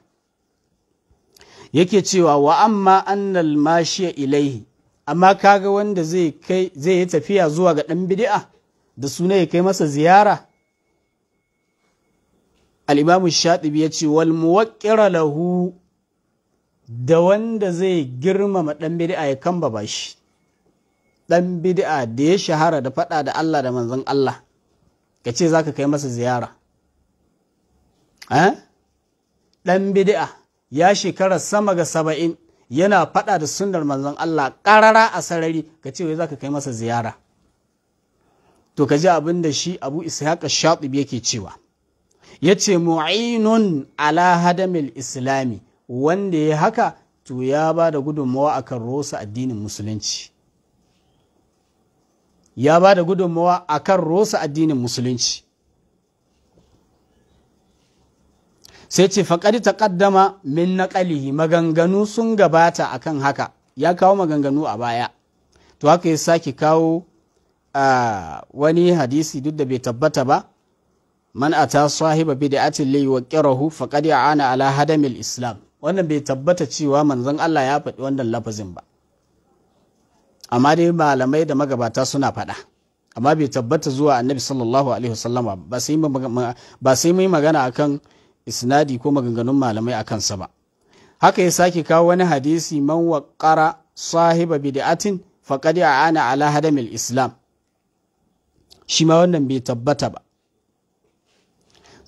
yake cewa wa amma annal mashi ilaihi amma kaga wanda zai yi tafiya zuwa ga ɗan bid'a da suna ya kai masa ziyara al-imamu shatibi ya ce wal muwaqqira lahu da wanda zai girmama ɗan bid'a ya kamba ba shi ɗan bid'a da ya shahara da faɗa da Allah da manzon Allah ka ce za ka kai masa ziyara eh? ɗan bid'a ya shekara sama ga saba'in yana faɗa da sunnar manzon Allah ƙarara a sarari ka ce wai za kai masa ziyara to ka ji abin da shi abu ishaqa shatib yake cewa ya ce mu'inun ala hadamil islami wanda ya haka to ya ba da gudunmawa akan rosa addinin musulunci ya ba da gudunmawa akan rosa addinin musulunci sai ce faƙari ta ƙaddama min naƙalihi maganganu sun gabata akan haka ya kawo maganganu a baya to haka ya sake kawo a wani hadisi duk da bai tabbata ba man A ta sahiba wa ƙirahu faƙari a ana ala hadamil islam wannan bai tabbata cewa manzon Allah ya faɗi wannan lafazin ba amma dai malamai da magabata suna faɗa amma bai tabbata zuwa annabi sallallahu alaihi wasallama ba sai mai magana akan isnadi ko maganganun malamai a kansa ba haka ya sake kawo wani hadisi man waqara sahiba bid'atin faqad a'ana ala hadamil islam shi ma wannan bai tabbata ba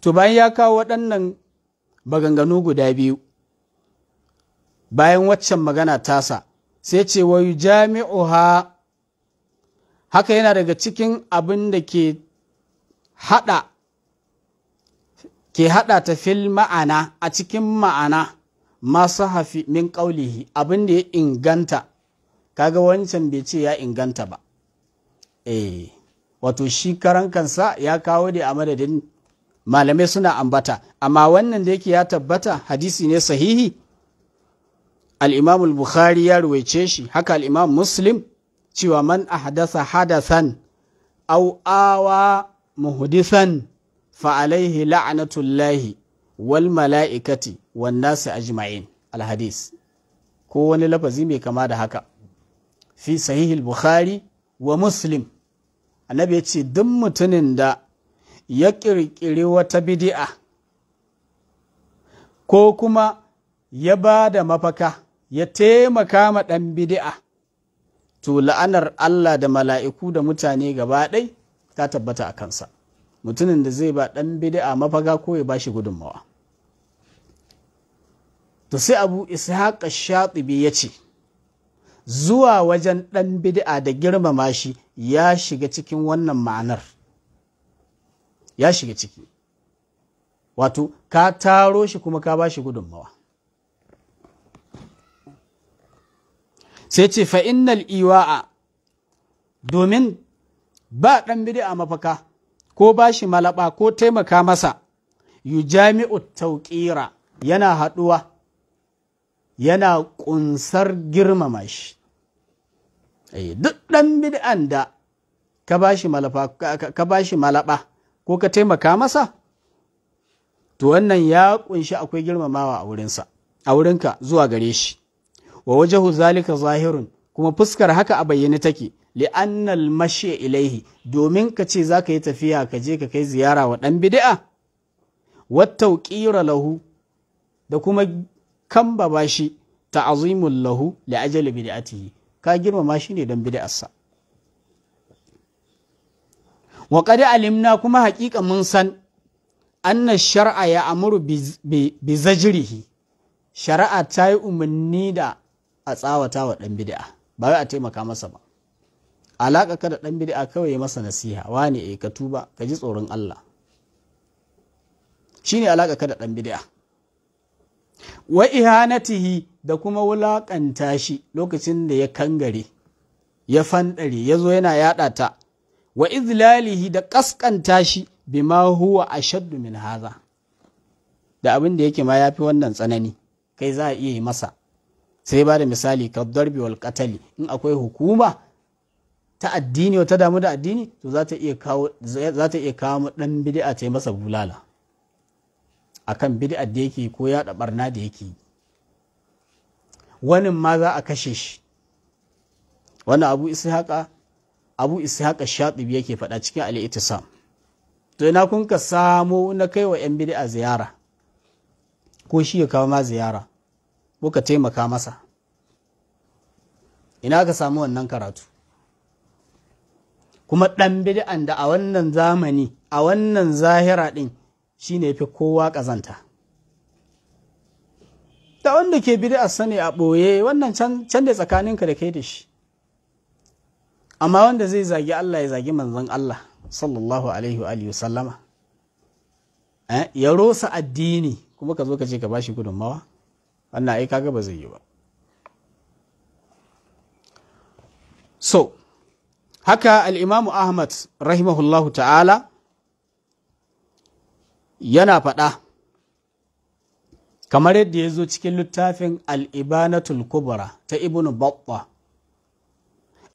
to bayan ya kawo waɗannan maganganu guda biyu bayan waccan magana tasa sai ce wa ha haka yana daga cikin abin da ke hada ke hada ta fil ma'ana a cikin ma'ana masu hafi min ƙaulihi abin da ya inganta kaga wancan bai ce ya inganta ba eh wato shi karan kansa ya kawo da a madadin malamai suna ambata amma wannan da yake ya tabbata hadisi ne sahihi al'imamul bukhari ya ruwaice shi haka al'imam muslim cewa man ahdasa hadasan au awa muhudisan fa'alaihi la'anatullahi wal mala'ikati wan su ajma'in alhadis ko wani lafazi mai kama da haka fi sahihil bukhari wa muslim annabi ce duk mutumin da ya ƙirƙiri wata bidi'a ko kuma ya ba da mafaka ya taimaka ma ɗan bidi'a to la'anar Allah da mala'iku da mutane gaba ɗai ta tabbata a kansa mutumin da zai ba ɗan bidi'a mafaga ko ya bashi gudunmawa to sai abu ishaq shatibi ya ce zuwa wajen ɗan bidi'a da girmama shi ya shiga cikin wannan ma'anar ya shiga ciki wato ka taro shi kuma ka bashi gudunmawa sai ce fa’innal iwa'a domin ba ɗan a mafaka ko ba shi malaba ko taimaka masa yu jami'u tauƙira yana haɗuwa yana ƙunsar girmama shi eh, duk ɗan bid'an da ka ba shi malaba ko ka taimaka masa to wannan ya ƙunshi akwai girmamawa a wurinka zuwa gare shi wa wajahu zalika zahirun kuma fuskar haka a bayyane take li'anal mashi ilaihi domin ka ce za ka yi tafiya ka je ka kai ziyara wa ɗan bid'a wattauƙira lahu da kuma kambaba shi ta'azimun lahu li ajali bid'atihi ka girmama shi ne don bid'arsa wa qad alimna kuma haƙiƙa mun san anna shar'a ya amuru bi zajrihi shari'a ta yi umarni da a tsawata wa ɗan bid'a ba wai a taimaka masa ba alaƙa ka da ɗan bid'a kawai masa nasiha wane ne eh, ka tuba ka ji tsoron Allah shine alaƙa ka da ɗan bid'a wa ihanatihi da kuma wulaƙanta shi lokacin da ya kangare ya fanɗare ya zo yana yaɗa ta wa izlalihi da ƙasƙanta shi bima huwa ashaddu min haza da abin da yake ma yafi wannan tsanani kai za a iya yi masa sai ba da misali ka darbi wal in akwai hukuma ta addini wata damu da addini to za ta iya kawo za ta dan bid'a ta masa bulala A akan bid'a da yake ko ya da barna da yake wani ma za a kashe shi wani abu ishaqa abu ishaqa shatibi yake faɗa cikin al-ittisam to ina kun ka samo na kai wa 'yan bid'a ziyara ko shi ya kawo ma ziyara muka taimaka masa ina ka samu wannan karatu kuma ɗan bid'an da a wannan zamani a wannan zahira ɗin shi ne fi kowa ƙazanta da wanda ke bid'a sani a ɓoye wannan can da tsakaninka da kai da shi amma wanda zai zagi Allah ya zagi manzon Allah sallallahu alaihi wa sallama eh, ya rosa addini kuma ka zo ka ce ka bashi gudunmawa wannan ai kaga ba zai yi ba so haka al'imamu ahmad rahimahullahu ta'ala yana faɗa kamar yadda ya zo cikin littafin al'ibanatul kubra ta ibn babba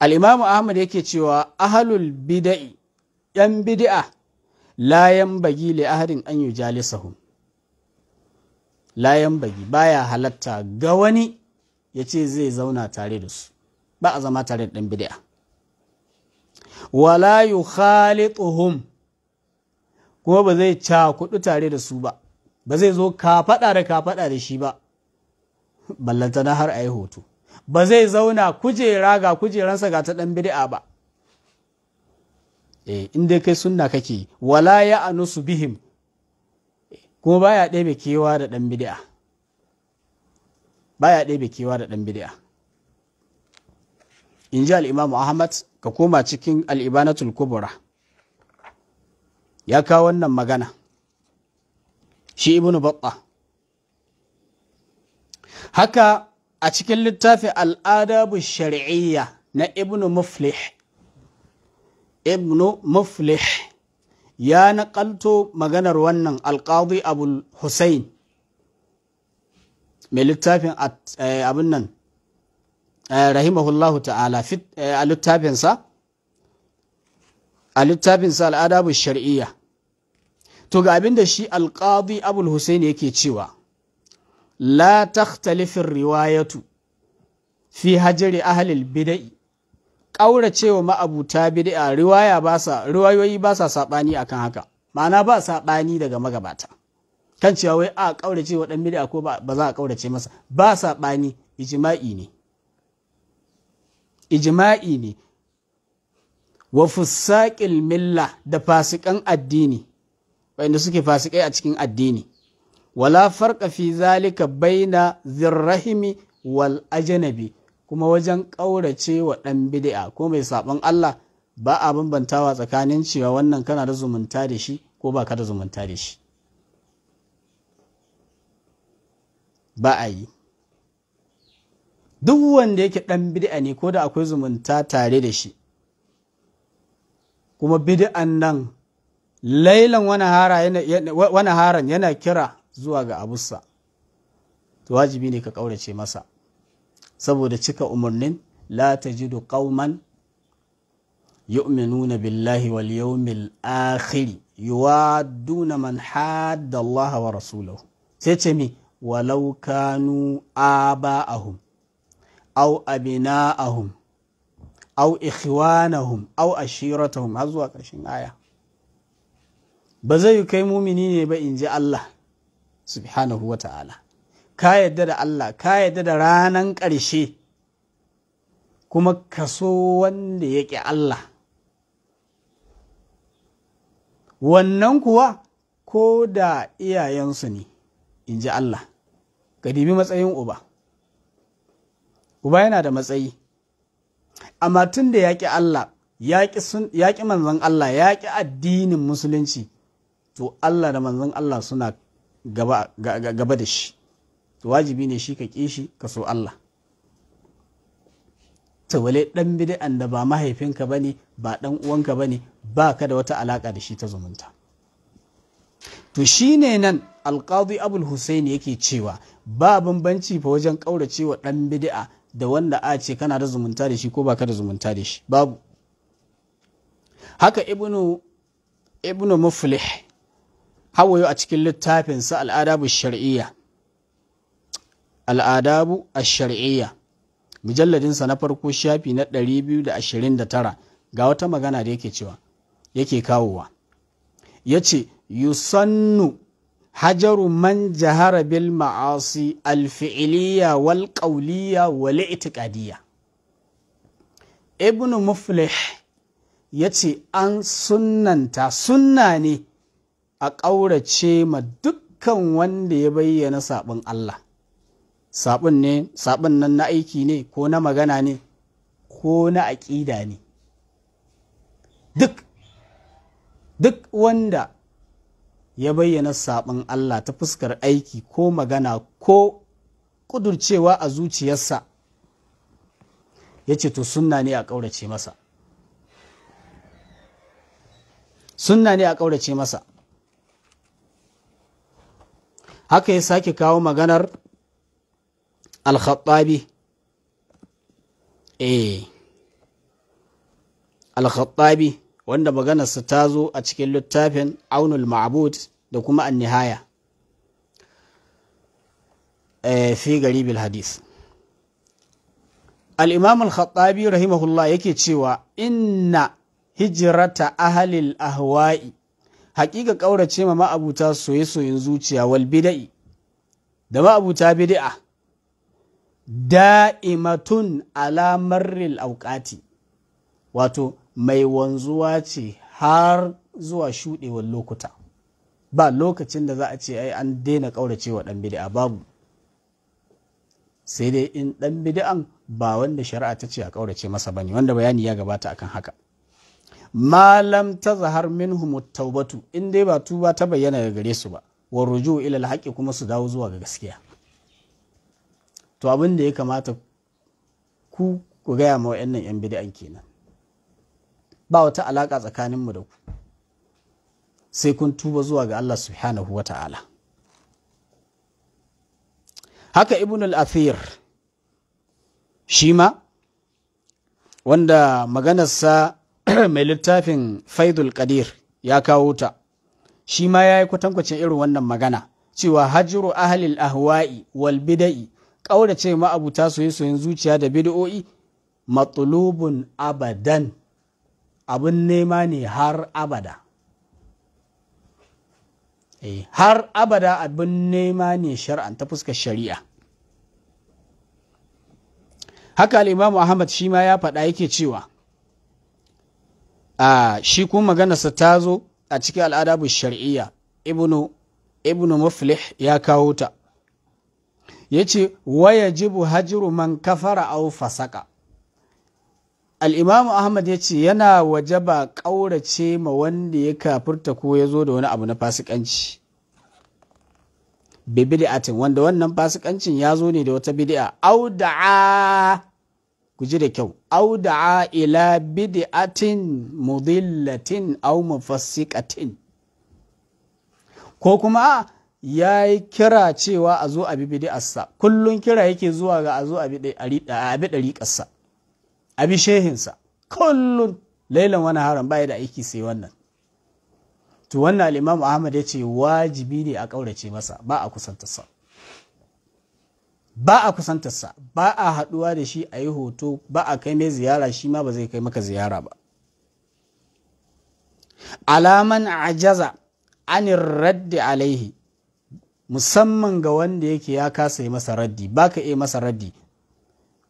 al'imamu ahmad yake cewa ahalul bida'i ‘yan bida'a layan bagi li ahadin an yi jalisahun layan bagi baya halatta ga wani ya ce zai zauna tare da su ba a zama tare da ɗan bid'a wala yu khalituhum kuma ba zai cakudu tare da su ba ba zai zo kafaɗa da kafaɗa da shi ba ballanta na har a yi hoto ba zai zauna kujera ga kujeransa ga ta ɗan bid'a ba eh inda kai sunna kake wala ya anusu bihim kuma baya ɗebe kewa da ɗan bid'a baya ɗebe kewa da ɗan bid'a in ji al'imamu ahmad ka koma cikin al'ibanatul kubura ya kawo wannan magana shi ibnu babba haka a cikin littafin al'adabu shari'iyya na ibnu muflih ibnu muflih ya naƙalto maganar wannan alƙadi abul hussein mai littafin eh, abin nan eh, rahimahullahu ta'ala eh, a littafinsa a littafinsa al'adabu shari'iyya to ga abin da shi alƙadi abul hussein yake cewa la takhtalifin riwayatu fi hajari ahalil bida'i ƙauracewa ma'abuta bid'a riwaya ba sa riwayoyi ba sa saɓani akan haka ma'ana ba saɓani daga magabata kan cewa wai a ƙaurace wa ɗan bid'a ko ba za a ƙaurace masa ba saɓani ijma'i ne ijima'i ne wa fusaƙil milla da fasikan addini wanda suke fasikai a cikin addini wala farka fi zalika baina zirrahimi wal ajnabi kuma wajen ƙaurace wa ɗan bid'a ko mai saɓon Allah ba a bambantawa tsakanin cewa wannan kana da zumunta da shi ko ba ka da zumunta da shi ba a yi duk wanda yake ɗan bid'a ne ko da akwai zumunta tare da shi kuma bid'an nan lailan wani haran yana kira zuwa ga abusa. wajibi ne ka ƙaurace masa saboda cika umarnin la ta tajidu qauman yu'minuna billahi wal yawmil akhir yuwadduna man hadda Allah wa rasulahu sai ce mi walau kanu aba'ahum aw abina'ahum aw ikhwanahum aw ashiratahum har zuwa ƙarshen aya ba zai kai mumini ne ba in ji Allah subhanahu wa ta'ala ka yadda da Allah ka yadda da ranan ƙarshe kuma ka so wanda ya ƙi Allah wannan kuwa ko da iyayensu ne in ji Allah ka dibi matsayin uba uba yana da matsayi amma tun da ya ƙi Allah ya ƙi manzan Allah ya ƙi addinin musulunci to Allah da manzan Allah suna gaba da shi wajibi ne shi ka ƙi shi ka so Allah tawale ɗan bidi'an da ba mahaifinka bane ba ɗan uwanka bane ba ka da wata alaƙa da shi ta zumunta to shi ne nan alƙadu abul hussein yake cewa ba bambanci fa wajen ƙauracewa ɗan bid'a da wanda a ce kana da zumunta da shi ko ba ka da zumunta da shi babu haka ibnu ibnu muflih hawayo a cikin littafinsa al'adabu shar'iyya al'adabu ash-shar'iyya sa na farko shafi na 229 ga wata magana da yake cewa yake kawowa yace yusannu hajaru man jahara bil ma'asi al-fi'liya wal qawliya wal i'tiqadiyya ibn muflih ya ce an sunnanta sunna ne a ƙaurace ma dukkan wanda ya bayyana sabon Allah saɓin ne nan na aiki ne ko na magana ne ko na aƙida ne duk wanda ya bayyana saɓin Allah ta fuskar aiki ko magana ko ƙudurcewa a zuciyarsa ya ce to sunna ne a ƙaurace masa sunna ne a ƙaurace masa haka ya sake kawo maganar al-khattabi eh al-khattabi wanda maganarsa ta zo a cikin littafin aunul ma'bud da kuma an-nihaya eh, fi garibil hadis al-imam al-khattabi rahimahullah yake cewa inna hijrata ahlil ahwa'i haƙiƙa ƙaurace ma ma'abuta soye-soyen zuciya wal bida'i da ma'abuta bida'a da'imatun alamarril auƙati wato mai wanzuwa ce har zuwa shuɗewar lokuta ba lokacin da za a ce ai an daina ƙaurace wa ɗan bidi'a babu sai dai in ɗan bidi'an ba wanda shari'a ta ce a ƙaurace masa bane wanda bayani ya gabata akan haka malam ta zahar minhum taubatu in dai ba tuba ta bayyana ga gare su ba wa ruju ila alhaqi kuma su dawo zuwa ga gaskiya to abin da ya kamata ku ku gaya ma wa'annan 'yan bid'an kenan ba wata alaƙa tsakaninmu da ku sai kun tuba zuwa ga Allah subhanahu wa ta'ala haka ibn al-afir shi ma wanda maganarsa (clears throat) mai littafin faidul qadir ya kawo ta shi ma ya yi kwatankwacin irin wannan magana cewa Hajaru, ahlil ahwa'i wal bida'i ƙaurace ma'abuta soye zuciya da bid'o'i matsulubun abadan abin nema ne har abada eh, har abada abin nema ne shar'an ta fuskar shari'a haka al'imamu ahmad shi ma ya faɗa yake cewa a ah, shi kuma maganarsa ta zo a cikin al'adabu shari'iyya ibnu ibnu muflih ya kawo ta ya ce waya jibu hajiru man kafara au fasaka al'imamu ahmad ya ce yana waje ba ƙaurace ma wanda ya kafurta ko ya zo da wani abu na fasikanci bibidi'atin wanda wannan fasikancin ya zo ne da wata bidi'a au da'a ku ji da kyau au da'a ila bidi'atin mudillatin au mufassikatin ko kuma ya yi kira cewa a zo a bi bidi'arsa kullum kira yake zuwa ga a zo a bi ɗariƙarsa a bi shehinsa kullum lailan wani haram baya da aiki sai wannan to wannan al'imamu ahmad ya ce wajibi ne a ƙaurace masa ba a kusantarsa ba a kusantarsa ba a haɗuwa da shi a yi hoto ba a kai mai ziyara shi ma ba zai kai maka ziyara ba alaman ajaza anin raddi alaihi musamman ga wanda yake ya kasa yi masa raddi ka iya masa raddi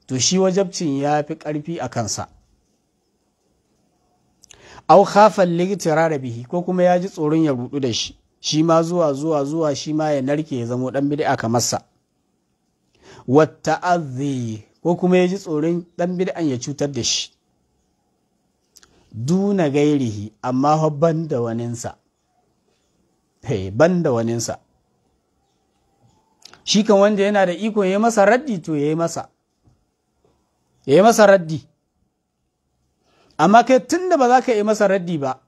to shi wajabcin ya fi ƙarfi a kansa au khafan ligtira da bihi ko kuma ya ji tsoron ya rudu da shi shi ma zuwa zuwa zuwa shi ma ya narke ya zamo dan bid'a kamar sa watta'azzi ko kuma ya ji tsoron dan bid'an ya cutar da shi duna gairihi amma ban da waninsa ban da waninsa shi kan wanda yana da iko ya yi masa raddi to ya yi masa ya yi masa raddi amma kai tun da ba za ka yi masa raddi ba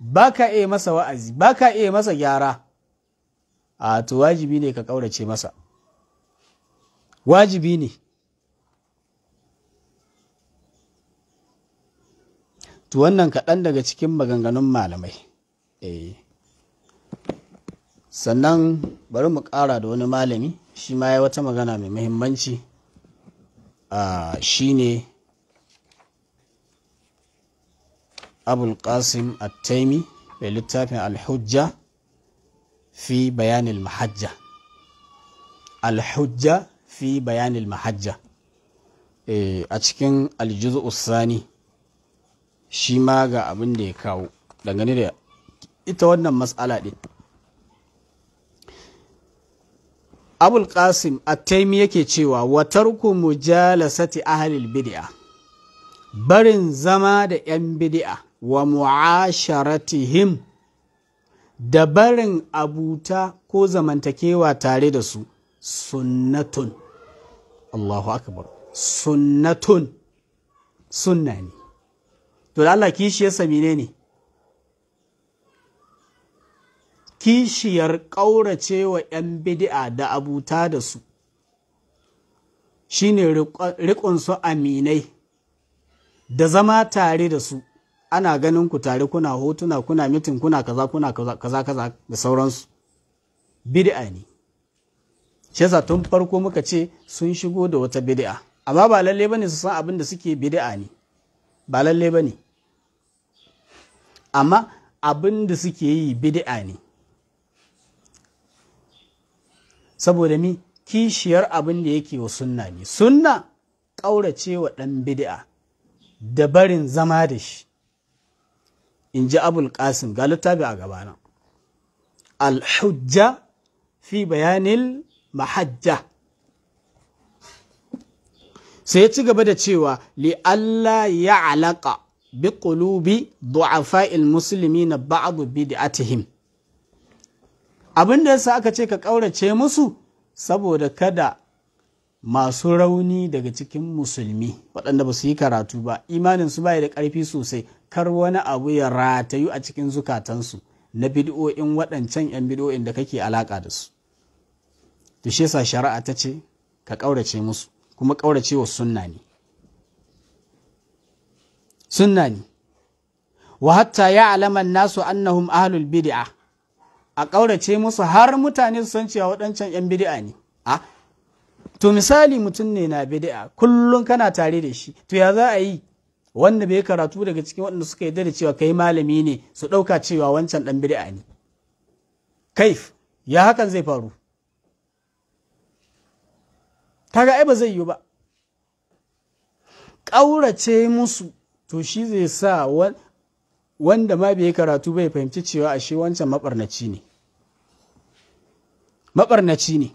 ba ka iya masa wa'azi ba ka iya masa gyara a to wajibi ne ka ƙaurace masa wajibi ne to wannan kaɗan daga cikin maganganun malamai eh sannan bari mu ƙara da wani malami shi ma ya wata magana mai muhimmanci shi ne abulkasim attaimi mai littafin alhujja fi bayanil mahajja alhujja fi bayanil mahajja eh, a cikin aljuzu usani shi ma ga abin da ya kawo dangane da ita wannan matsala ɗin abul qasim taimi yake cewa wa mujalasati ahlil bid'a barin zama da 'yan bid'a wa mu'asharatihim da barin abuta ko zamantakewa tare da su sunnatun Allahu akbar sunnatun sunna ne to da Allah kishi ya ne ne kishiyar ƙauracewa 'yan bidi'a da abuta da su shine riƙonsu aminai da zama tare da su ana ganin ku tare kuna hotuna kuna mitin kuna kaza kuna kaza kaza da sauransu Bidi'a ne shi tun farko muka ce sun shigo da wata bidi'a. amma ba lalle ba ne su san abin da suke bidi'a ne ba lalle ba ne. amma abin da suke yi bidi'a ne saboda mi kishiyar abin da yake wa sunna ne sunna ƙaurace wa ɗan bid'a da barin zama da shi in ji abul qasim ga littafi a gabana alhujja fi bayanil mahajja sai ya ci gaba da cewa li Allah ya alaƙa bi ƙulubi du'afa'il musulmi na ba'adu bid'atihim abin da yasa aka ce ka ƙaurace musu saboda kada masu rauni daga cikin musulmi waɗanda ba su yi karatu ba imanin su bai da ƙarfi sosai kar wani abu ya ratayu a cikin zukatansu na bid'o'in waɗancan 'yan bid'o'in da kake alaƙa da su to shi yasa shari'a ta ce ka ƙaurace musu kuma ƙaurace wa sunna ne sunna ne wa hatta ya alaman nasu annahum ahlul bid'a a ƙaurace musu har mutane su san cewa waɗancan 'yan bidi'a ne a to misali mutum ne na bidi'a kullum kana tare da shi to ya za a yi wanda bai karatu daga cikin waɗanda suka yarda da cewa kai malami ne su ɗauka cewa wancan ɗan bidi'a ne kaif ya hakan zai faru kaga ai ba zai yiwu ba ƙaurace musu to shi zai sa wanda ma bai karatu bai fahimci cewa ashe wancan maɓarnaci ne maɓarnaci ne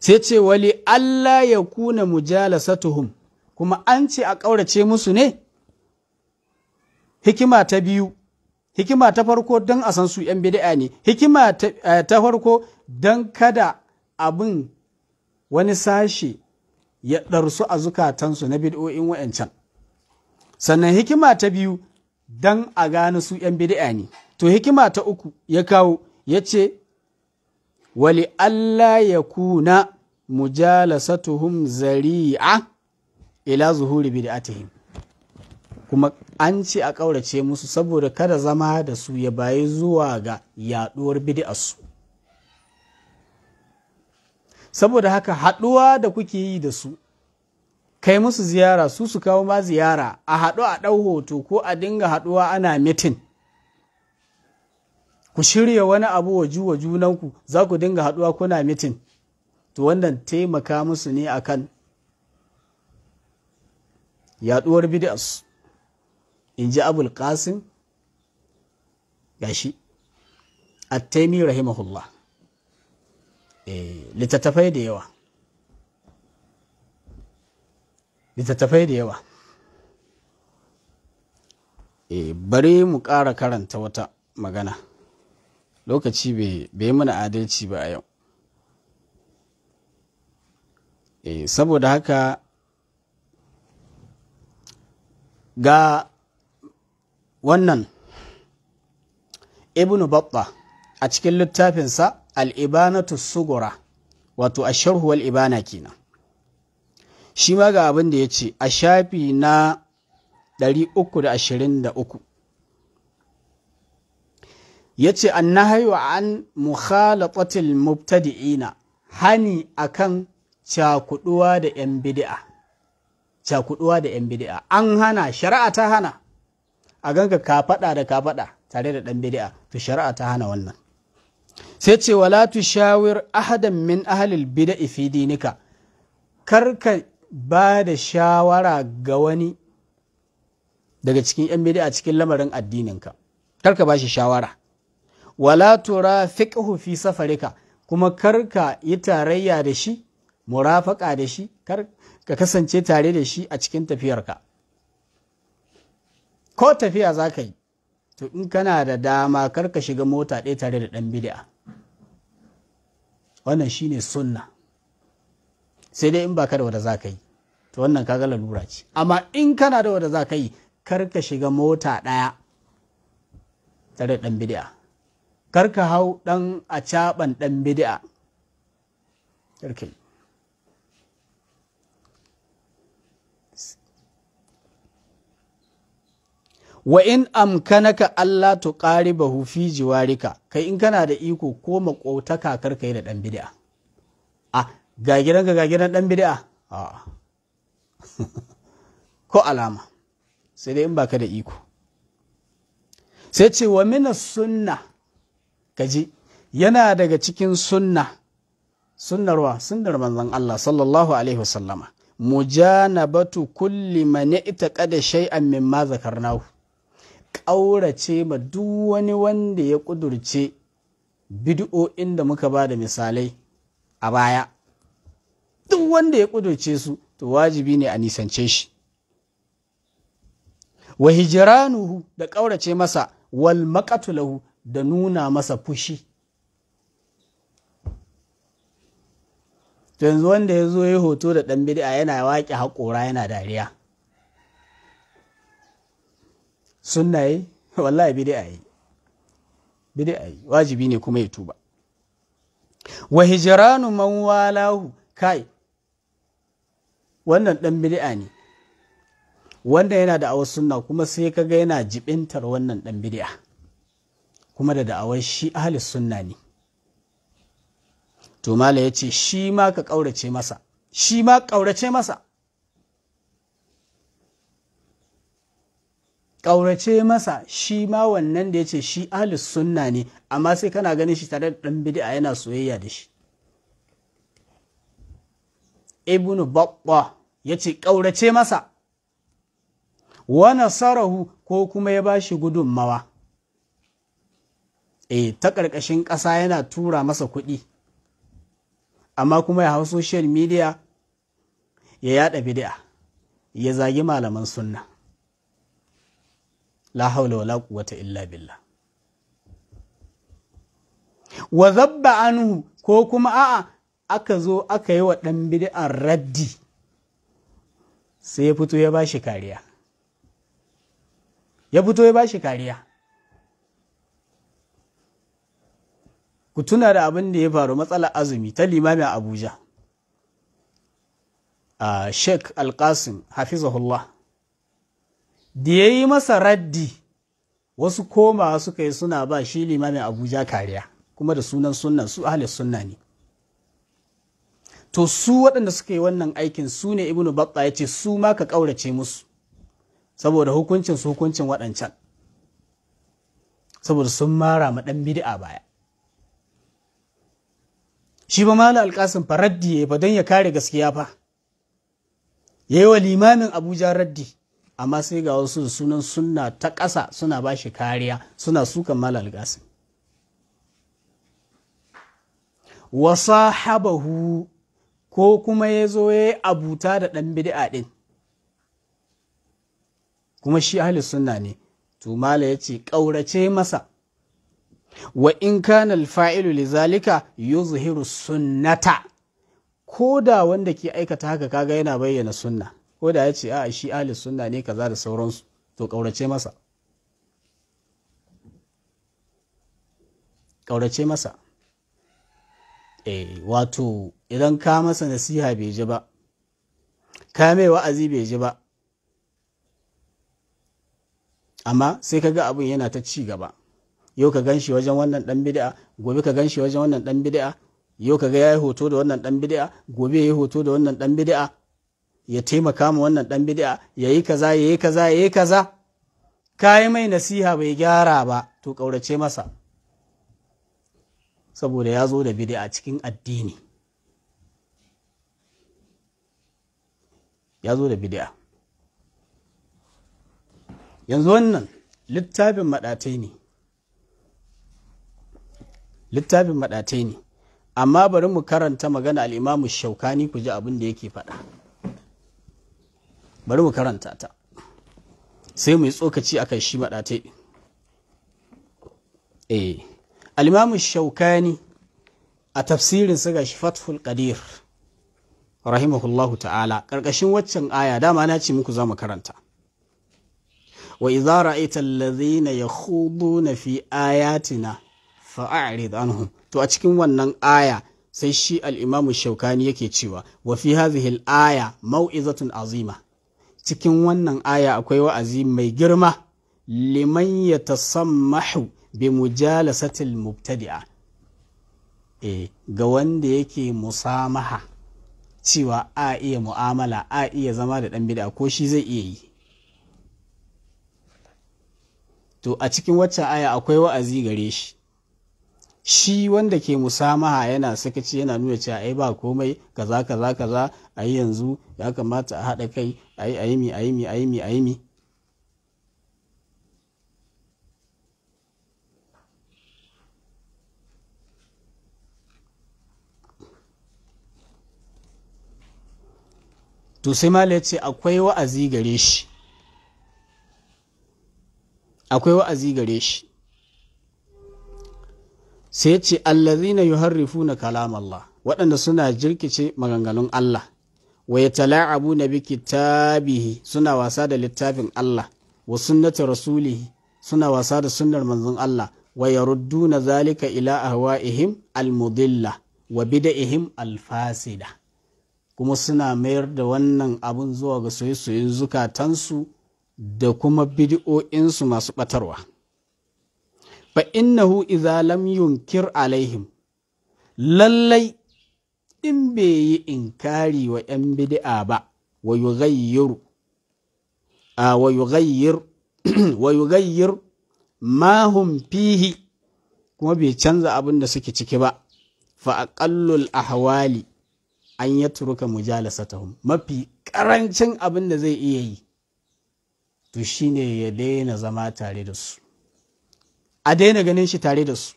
sai ce wali Allah ya kuna mujalasatuhum kuma an ce a ƙaurace musu ne hikima ta biyu hikima ta farko don a san su 'yan bid'a ne hikima eh, ta farko don kada abin wani sashe ya ɗarsu a zukatansu na bid'o'in wa’yancan sannan hikima ta biyu don a gane su 'yan bid'a ne to hikima ta uku ya kawo ya ce wali Allah ya kuna mujalasatuhum zari'a ila zuhuri bid'atihim kuma an ce a ƙaurace musu saboda kada zama da su ya bayi zuwa ga yaɗuwar su. saboda haka haɗuwa da kuke yi da su kai musu ziyara su su kawo ma ziyara a haɗu a ɗau hoto ko a dinga haɗuwa ana mitin ku shirya wani abu waju wa junanku za ku dinga haɗuwa kuna mitin to wannan taimaka musu ne a kan. yaɗuwar bid'as in ji abul qasim gashi attaimi rahimahullah eh, littattafai da yawa littattafai da yawa eh, bari mu ƙara karanta wata magana lokaci bai mana adalci ba a yau eh, saboda haka ga wannan ibnu Babba a cikin littafinsa al'ibanatu sugura wato a sharhuwar ibana kenan shi ma ga abin da ya ce a shafi na 323 ya ce annahaiwa an mukhalatatil mubtadi'ina hani akan cakuduwa da 'yan bid'a cakuduwa da 'yan bid'a an hana shari'a ta hana a ganka ka faɗa da ka faɗa tare da dan bid'a to shari'a ta hana wannan sai ce wala tushawir ahadan min ahlil bid'a fi dinika karka ba da shawara ga wani daga cikin 'yan bid'a cikin lamarin addininka karka ba shi shawara wala tura fiqhu fi safarika kuma karka yi tarayya da shi murafaka da shi kar ka kasance tare da shi a cikin tafiyarka ko tafiya za ka yi to in kana da dama kar ka shiga mota ɗaya tare da ɗan bid'a wannan shi ne sunna sai dai in ba ka da wanda za ka yi to wannan ka gala lura ce amma in kana da wanda za ka yi kar ka shiga mota ɗaya tare da ɗan bid'a karka hau ɗan a caɓan ɗan bidi'a wa in amkanaka Allah tu bahu fi jiwarika kai in kana da iko ko maƙotaka kar yi da dan bidi'a. a ah, ga gidanka ga gidan dan bidi'a. a ah. (laughs) ko alama sai dai in baka da iko sai ce wa mina sunna kaji yana daga cikin sunna sunnarwa sunnar manzon Allah sallallahu alaihi wasallama mujanabatu kulli man i'taqada shay'an mimma zakarnahu ƙaurace ma duk wani wanda ya ƙudurce bid'o'in da muka ba da misalai a baya duk wanda ya ƙudurce su to wajibi ne a nisance shi wa hijiranuhu da ƙaurace masa wal maqatu da nuna masa fushi yanzu wanda ya zo ya yi hoto da ɗan bid'a yana waƙe haƙora yana dariya sunna yi (laughs) wallahi bid'a yi bid'a yi wajibi ne kuma ya tuba wa hijranu man walahu kai wannan ɗan bid'a ne wanda yana da awa sunna kuma sai kaga yana jibintar wannan ɗan bid'a kuma da da'awar shi ahalis sunna ne to mala ya ce shi ma ka ƙaurace masa shi ma ƙaurace masa ƙaurace masa shi ma wannan da ya ce shi ahalis sunna ne amma sai kana ganin shi tare da ɗan bid'a yana soyayya da shi ibnu babba ya ce ƙaurace masa wa nasarahu ko kuma ya ba shi gudunmawa eh ta ƙarƙashin ƙasa yana tura masa kuɗi amma kuma ya hau social media ya yada bid'a ya zagi malaman sunna la haula wala quwwata illa billah wa zabba anhu ko kuma a'a aka zo aka yi wa ɗan bid'an raddi sai ya fito ya bashi kariya ya fito ya ba kariya ku tuna da abin da ya faru matsalar azumi ta limami abuja a sheik alkasim hafizahullah da ya yi masa raddi wasu koma suka yi suna ba shi limamin abuja kariya kuma da sunan sunan su ahli sunna ne to su waɗanda suka yi wannan aikin su ne ibnu batta ya ce su ma ka ƙaurace musu saboda hukuncin su hukuncin waɗancan saboda sun mara ma ɗan bid'a baya shi ba mala alƙasin fa raddi ya ba don ya kare gaskiya fa ya yi wa limamin abuja raddi amma sai ga wasu sunan sunna ta ƙasa suna ba shi kariya suna sukan mala alƙasin. wasa habahu ko kuma ya zo ya yi abuta da ɗan bid'a ɗin kuma shi ahli sunna ne to mala ya ce ƙaurace masa wa in kana alfa'ilu lizalika yuzhiru sunnata ko da wanda ke aikata haka kaga yana bayyana sunna ko da ya ce a shi ahli sunna ne kaza da sauransu to kaurace masa kaurace masa eh wato idan ka masa nasiha bai ji ba ka mai wa'azi bai ji ba amma sai kaga abin yana ta ci gaba yau ka ganshi wajen wannan dan bid'a gobe ka ganshi wajen wannan dan bid'a yau ka ga ya yi hoto da wannan dan bid'a gobe ya yi hoto da wannan dan bid'a ya taimaka ma wannan dan bid'a yayi kaza yayi kaza yayi kaza Ka yi mai nasiha bai gyara ba to ƙaurace masa saboda ya zo da bid'a cikin addini ya zo da bid'a yanzu wannan littafin maɗatai ne littafin maɗatai ne amma bari mu karanta magana al'imamu shaukani ku ji abin da yake faɗa bari mu karanta ta sai mu yi tsokaci a kan shi maɗatai eh al'imamu shaukani a tafsirin ga shi fatful qadir rahimahullahu ta'ala ƙarƙashin waccan aya dama na ce muku za mu karanta wa idza ra'aita na yakhuduna fi ayatina fa'arid anhu. to a cikin wannan aya sai shi al-imamu shaukani yake cewa wa fi hazihil aya mau'izatun azima cikin wannan aya akwai wa'azi mai girma liman yatasammahu bi mujalasatil mubtadi'a e ga wanda yake musamaha cewa a iya mu'amala a iya zama da ɗan bid'a ko shi zai iya yi to a cikin wacce aya akwai wa'azi gare shi shi wanda ke musamaha yana sakaci yana nuna cewa ai ba komai kaza kaza kaza ai yanzu ya kamata a haɗa kai ai ai mi ai mi ai mi ai mi to sai ma ce akwai wa'azi gare shi akwai wa'azi gare shi sai ya ce allazina na kalam Allah waɗanda suna jirkice maganganun Allah wa na bi kitabihi suna wasa da littafin Allah wa sunnata rasulihi suna wasa da sunnar manzon Allah wa na zalika ila ahwa'ihim almudilla wa ihim alfasida kuma suna mayar da wannan abun zuwa ga soyayyen zukatansu da kuma bid'o'insu masu batarwa fa innahu idza lam yunkir alaihim lallai in bai yi inkari wa ‘yan bidi'a ba wa yughayyiru a (clears throat) ma hum fihi kuma bai canza abin da suke ciki ba fa aqallul ahwali an turuka mujalasatahum mafi ƙarancin abin da zai iya yi to shine ya daina zama tare da su a daina ganin shi tare da su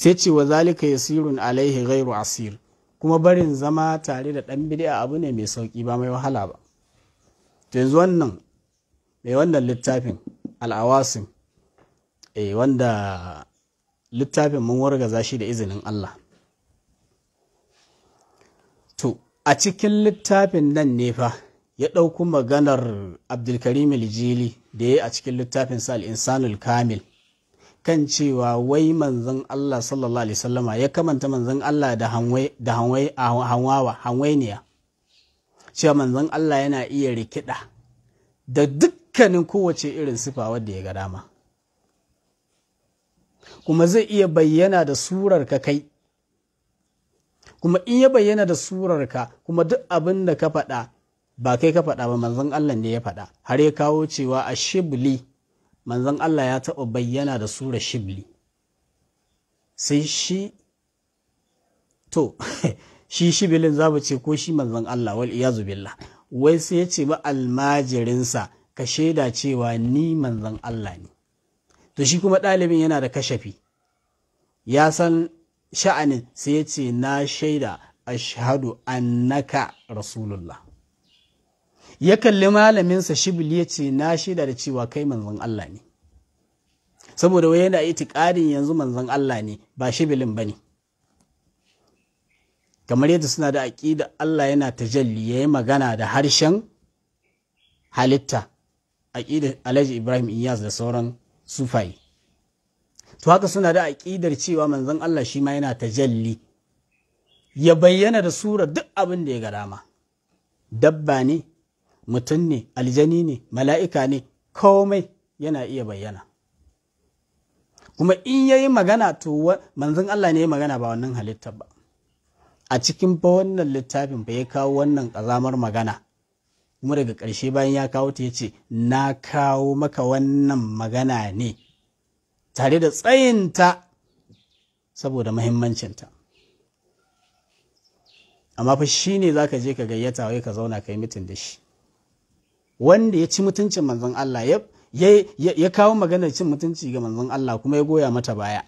sai ce wa zalika yasirun alaihi ghairu asir kuma barin zama tare da ɗan bid'a abu ne mai sauki ba mai wahala ba yanzu wannan mai eh, wannan littafin al'awasin eh wanda littafin mun wargaza shi da izinin Allah to a cikin littafin nan ne fa ya ɗauko maganar abdulkarim jili da ya yi a cikin littafin sal insanul kamil kan cewa wai manzon Allah sallallahu alaihi sallama ya kamanta manzon Allah da hanwawa hanwainiya cewa manzon Allah yana iya rikida da dukkanin kowace irin sifa wadda ya ga dama kuma zai iya bayyana da surar ka kai kuma in ya bayyana da surar ka kuma duk abin da ka faɗa ba kai ka faɗa ba manzon Allah ne ya faɗa har ya kawo cewa a shibli manzon Allah ya taɓa bayyana da sura shibli sai shi to (laughs) shi shibilin za mu ce ko shi manzon Allah wal iyazu billah wai sai ya ce ba almajirinsa ka shaida cewa ni manzon Allah ne to shi kuma ɗalibin yana da kashafi ya san sha'anin sai ya ce na shaida ashhadu annaka rasulullah ya kalli malaminsa shibili ya ce na shida da cewa kai manzon Allah ne saboda wai yana itikadin yanzu manzon Allah ne ba shibilin ba ne kamar yadda suna da aƙida Allah yana tajalli ya yi magana da harshen halitta aƙida Alhaji Ibrahim Iyaz da sauran sufai to haka suna da aƙidar cewa manzon Allah shi ma yana tajalli ya bayyana da sura duk abin da ya ga dama dabba ne mutum ne aljani ne mala'ika ne komai yana iya bayyana kuma in ya yi magana to manzon Allah ne ya magana ba wannan halitta ba a cikin ba wannan littafin ba ya kawo wannan ƙazamar magana kuma daga ƙarshe bayan ya kawo ta ya ce na kawo maka wannan magana ne tare da tsayinta saboda mahimmancinta amma fa shi ne za ka je ka gayyata wai ka zauna ka yi mitin da shi wanda ya ci mutuncin manzon Allah ya kawo maganar cin mutunci ga manzon Allah kuma ya goya mata baya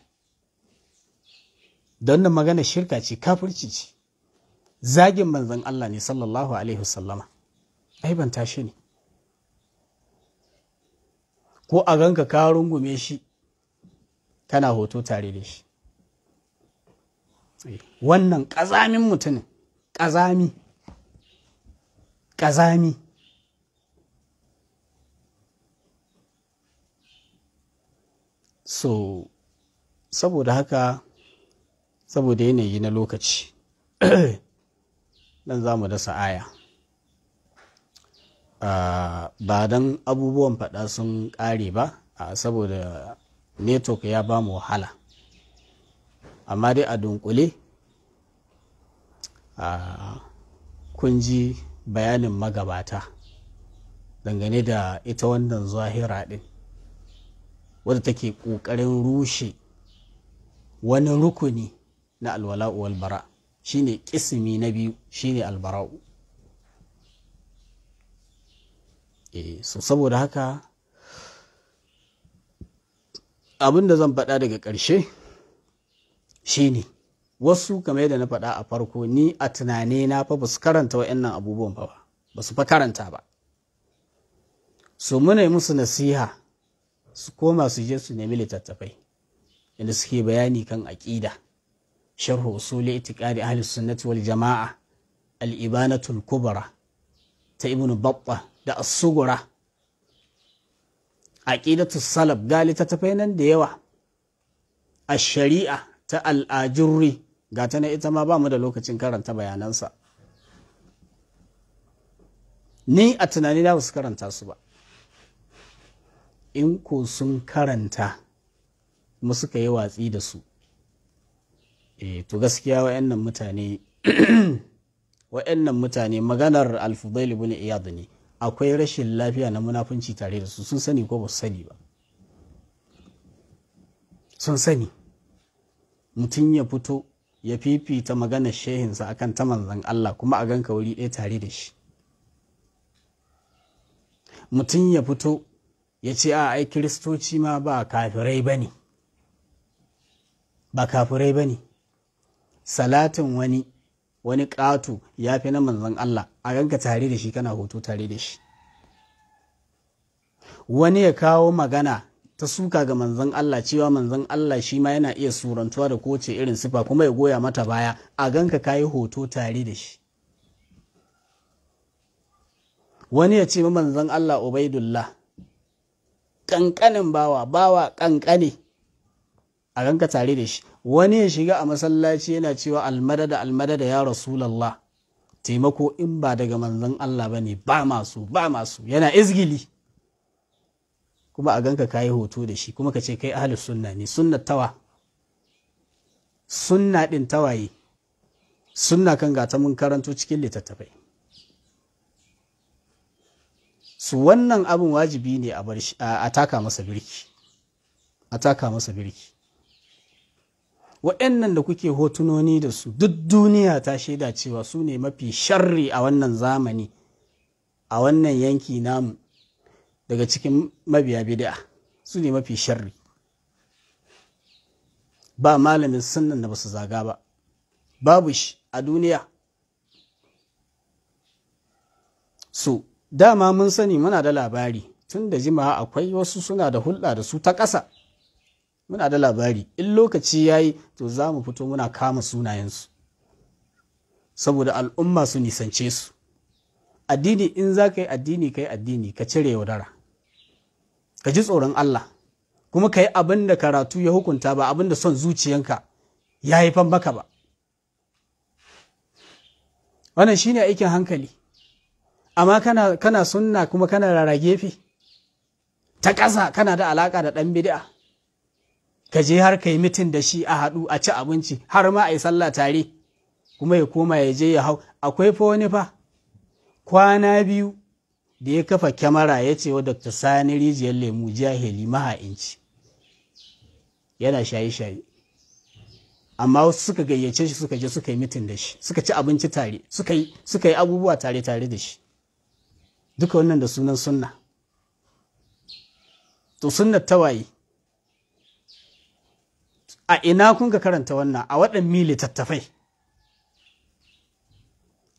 don nan magana shirka ce kafirci ce zagin manzon Allah ne sallallahu alaihi wasallama ai ban tashi ne ko a ganka ka rungume shi kana hoto tare da shi eh, wannan ƙazamin mutumin ƙazami ƙazami so saboda haka saboda yanayi na lokaci (clears throat) nan za mu dasa aya ah, ba don abubuwan faɗa sun kare ba ah, saboda network ya ba mu wahala amma dai a dunkule ah, kun ji bayanin magabata dangane da ita wannan zahira din. wadda take ƙoƙarin rushe wani rukuni na alwala'u wal bara shine ƙismi na biyu shine albara'u e, so saboda haka abin da zan faɗa daga ƙarshe shine wasu kamar yadda na faɗa a farko ni a tunane na fa ba su karanta wa'annan abubuwan ba ba su fa karanta ba su muna yi musu nasiha su koma su je su nemi littattafai inda suke bayani kan aƙida sharhu usuli itiqadi ahli sunnati wal jama'a al al kubra ta ibn babba da Asugura. sugura aqidatu salaf ga littattafai nan da yawa ash-shari'a ta al-ajurri ga ta na ita ma ba mu da lokacin karanta bayanansa ni a tunani na su karanta su ba in ko sun karanta mu suka yi watsi da su e to gaskiya wa'annan mutane (clears throat) wa'annan mutane maganar alfudail ibn iyad ne akwai rashin lafiya na munafunci tare da su sun sani ko ba su sani ba sun sani mutum ya fito ya fifita maganar shehinsa akan ta manzan Allah kuma a ganka wuri ɗaya tare da shi mutum ya fito ya ce a ai kiristoci ma ba kafirai ba ne ba kafirai ba ne salatin wani wani ƙato ya fi na manzan Allah a ganka tare da shi kana hoto tare da shi wani ya kawo magana ta suka ga manzan Allah cewa manzan Allah shi ma yana iya surantuwa da kowace irin sifa kuma ya goya mata baya a ganka kayi hoto tare da shi wani ya ce ma manzan Allah ObaidulLah. ƙanƙanin bawa bawa ƙanƙane a ranka tare da shi wani ya shiga a masallaci yana cewa da almadada da ya rasu rasulallah taimako in ba daga manzon Allah ba ne ba masu ba masu yana izgili kuma a ganka kayi hoto da shi kuma ka ce kai ahlus sunna ne sunna tawa sunna din tawaye sunna kan gata mun karanto cikin littattafai su wannan abin wajibi ne a taka masa birki a taka masa birki waɗannan da kuke hotunoni da su duk duniya ta shaida cewa su ne mafi sharri a wannan zamani a wannan yanki namu daga cikin mabiya bid'a su ne mafi sharri ba malamin sunan da ba su zaga ba babu shi a duniya su dama mun sani muna da labari tun da jima akwai wasu suna da hulɗa da su ta ƙasa muna da labari in lokaci ya yi to za mu fito muna kama sunayensu saboda al'umma su nisance su addini in za ka yi addini ka yi addini ka cire yaudara ka ji tsoron Allah kuma ka yi abin da karatu ya hukunta ba abin da son zuciyanka ya haifan baka ba wannan shine aikin hankali amma kana kana sunna kuma kana rara gefe ta ƙasa kana da alaƙa da ɗan bid'a ka je har ka yi mitin da shi a haɗu a ci abinci har ma a yi sallah tare kuma ya koma ya je ya hau akwai fa wani fa kwana biyu da ya kafa kyamara ya ce wa dr sani rijiyar lemu jahili maha'inci yana shaye-shaye amma wasu suka gayyace shi suka je suka yi mitin da shi suka ci abinci tare suka yi abubuwa tare tare da shi duka wannan da sunan sunna to sunna waye a ina kun ka karanta wannan a waɗan mili tattafai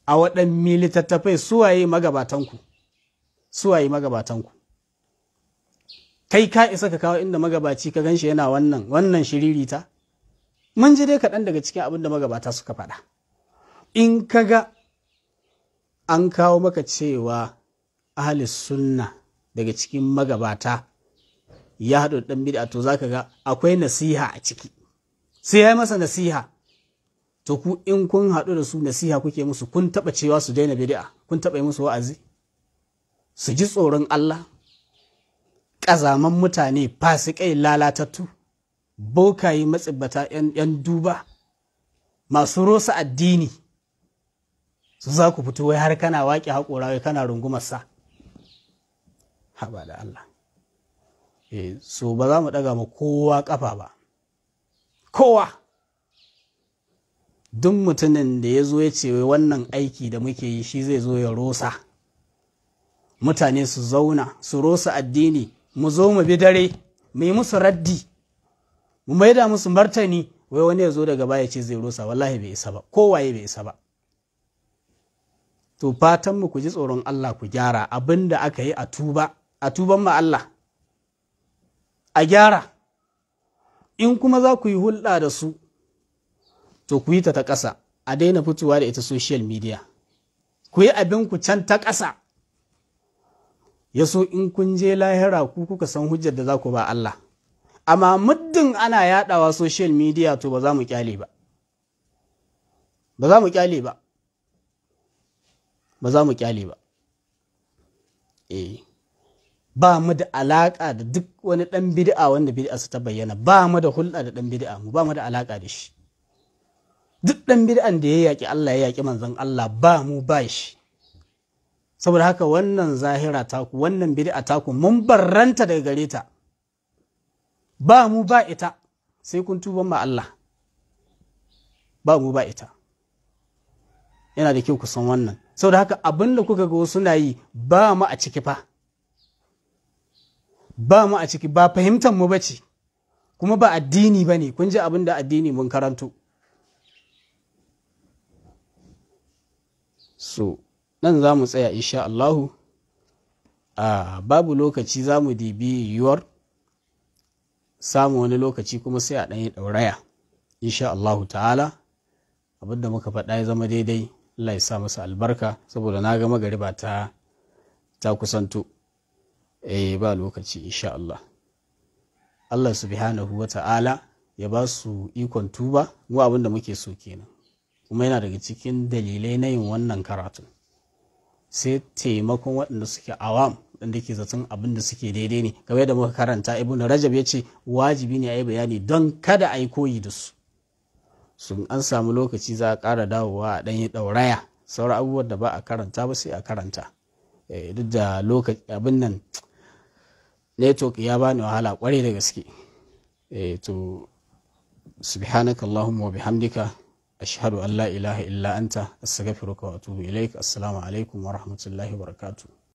a waɗan mili tattafai suwaye magabatanku suwaye magabatanku kai ka isa ka kawo inda magabaci ka ganshi yana wannan wannan shiririta mun ji dai kaɗan daga cikin abin da magabata suka faɗa in ka ga an kawo maka cewa ahalis sunna daga cikin magabata ya haɗu da ɗan bid'a to zaka ga akwai nasiha a ciki sai ya yi masa nasiha to ku in kun haɗu da su nasiha kuke musu kun taɓa cewa su daina bid'a kun taɓa yi musu wa'azi su ji tsoron Allah ƙazaman mutane fasikai lalatattu bokayi matsibbata 'yan duba masu rosa addini su za ku fito wai har kana waƙe haƙora wai kana sa? haɓa da Allah eh, so ba za mu ɗaga ma kowa ƙafa ba kowa duk mutumin da ya zo ya ce wannan aiki da muke yi shi zai zo ya rosa mutane su zauna su rosa addini mu zo mu bi dare mu yi musu raddi mu maida musu martani wai wani ya zo daga baya ce zai rosa wallahi bai isa ba kowaye bai isa ba to fatanmu ku ji tsoron Allah ku gyara abin da aka yi a tuba a tuban ma Allah a gyara in kuma za ku yi hulɗa da su to ku yi ta ta ƙasa a daina fitowa da ita social media ku yi abin ku can ta ƙasa ya so in kun je lahira ku kuka san hujjar da za ku ba Allah amma muddin ana yaɗawa social media to ba za mu kyale ba ba za mu kyale ba ba za mu kyale ba eh ba mu da alaƙa da duk wani ɗan bid'a wanda bid'a su ta bayyana ba mu da hulɗa da ɗan bid'a mu ba mu da alaƙa da shi duk ɗan bid'an da ya yaƙi Allah ya yaƙi manzon Allah ba mu ba shi saboda haka wannan zahira taku wannan bid'a taku mun barranta daga gare ta ba mu ba ita sai kun tuba ma Allah ba mu ba ita yana da kyau ku san wannan saboda haka abin da kuka ga wasu na yi ba mu a ciki fa ba mu a ciki ba fahimtar mu bace kuma ba addini ba ne kun ji abin da addini mun karanto so nan za mu tsaya insha Allahu a babu lokaci za mu dibi yiwuwar samu wani lokaci kuma sai a yi ɗauraya insha Allahu ta'ala da muka faɗa ya zama daidai Allah ya sa masa albarka saboda na ga magariba ta ta kusanto eh ba lokaci insha Allah Allah subhanahu wa ta'ala ya ba su ikon tuba mu abin da muke so kenan kuma yana daga cikin dalilai na yin wannan karatu sai taimakon waɗanda suke awam waɗanda ke zaton abin da suke daidai ne game da muka karanta ibn rajab ya ce wajibi ne a yi bayani don kada a yi koyi da su sun an samu lokaci za a kara dawowa a ɗanyi ɗauraya sauran abubuwan da ba a karanta ba sai a karanta eh, duk da abin nan network ya bani wahala kwarai da gaske eh to subhanaka allahumma wa bihamdika ashhadu an la ilaha illa anta astaghfiruka wa atubu ilaik assalamu alaikum wa rahmatullahi wa barakatuh